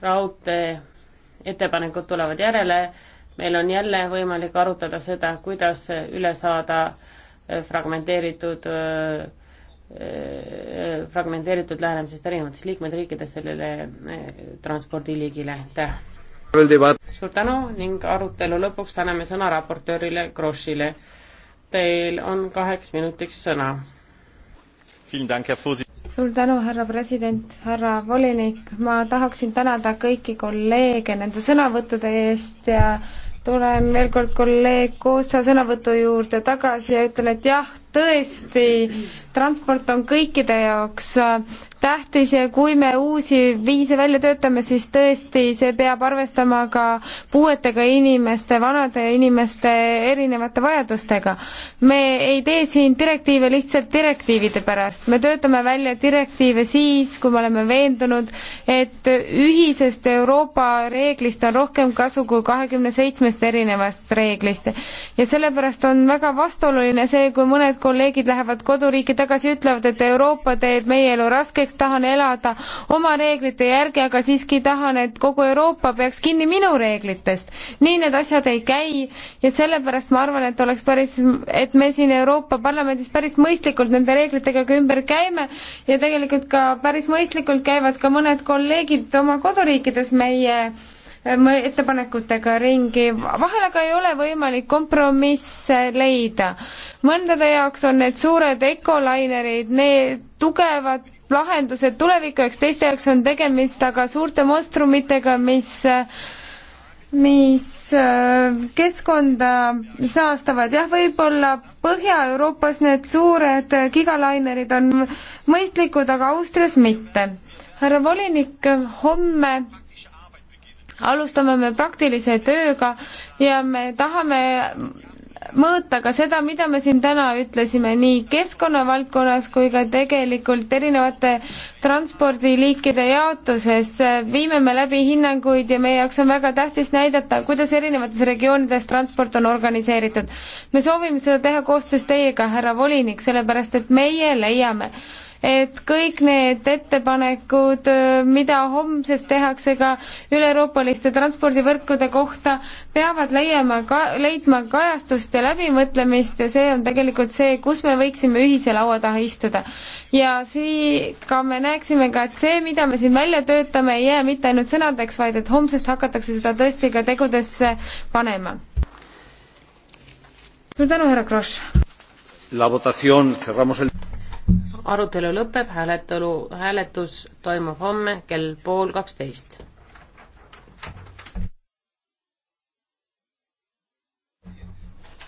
raudtee ettepanekud tulevad järele, meil on jälle võimalik arutada seda, kuidas üle saada äh, fragmenteeritud öö, Äh, fragmenteeritud lähenemisest erinevates liikmesriikides sellele äh, transpordiliigile. aitäh! suur tänu ning arutelu lõpuks anname sõna raportöörile Grossile. Teil on kaheks minutiks sõna. suur tänu, härra president, härra volinik, ma tahaksin tänada kõiki kolleege nende sõnavõttude eest ja tulen veel kord kolleeg Koosa sõnavõtu juurde tagasi ja ütlen, et jah, tõesti, transport on kõikide jaoks äh, tähtis ja kui me uusi viise välja töötame, siis tõesti, see peab arvestama ka puuetega inimeste, vanade inimeste erinevate vajadustega. me ei tee siin direktiive lihtsalt direktiivide pärast, me töötame välja direktiive siis, kui me oleme veendunud, et ühisest Euroopa reeglist on rohkem kasu kui kahekümne seitsmest erinevast reeglist. ja sellepärast on väga vastuoluline see, kui mõned paljud kolleegid lähevad koduriiki tagasi ja ütlevad, et Euroopa teeb meie elu raskeks, tahan elada oma reeglite järgi, aga siiski tahan, et kogu Euroopa peaks kinni minu reeglitest. nii need asjad ei käi ja sellepärast ma arvan, et oleks päris, et me siin Euroopa Parlamendis päris mõistlikult nende reeglitega ka ümber käime ja tegelikult ka päris mõistlikult käivad ka mõned kolleegid oma koduriikides meie ettepanekutega ringi, vahel aga ei ole võimalik kompromisse leida. mõndade jaoks on need suured ekolainerid, need tugevad lahendused tuleviku jaoks, teiste jaoks on tegemist aga suurte monstrumitega, mis mis äh, keskkonda saastavad. jah, võib-olla Põhja-Euroopas need suured äh, gigalainerid on mõistlikud, aga Austrias mitte. härra volinik, homme alustame me praktilise tööga ja me tahame mõõta ka seda, mida me siin täna ütlesime nii keskkonnavaldkonnas kui ka tegelikult erinevate transpordiliikide jaotuses. viime me läbi hinnanguid ja meie jaoks on väga tähtis näidata, kuidas erinevates regioonides transport on organiseeritud. me soovime seda teha koostöös teiega, härra volinik, sellepärast et meie leiame, et kõik need ettepanekud, mida homses tehakse ka üleeuroopaliste transpordivõrkude kohta, peavad leiama ka, leidma kajastust ja läbimõtlemist ja see on tegelikult see, kus me võiksime ühise laua taha istuda. ja sii-, ka me näeksime ka, et see, mida me siin välja töötame, ei jää mitte ainult sõnadeks, vaid et homsest hakatakse seda tõesti ka tegudesse panema. suur tänu, härra Kross! la votación cerramos el arutelu lõpeb, hääletelu, hääletus toimub homme kell pool kaksteist.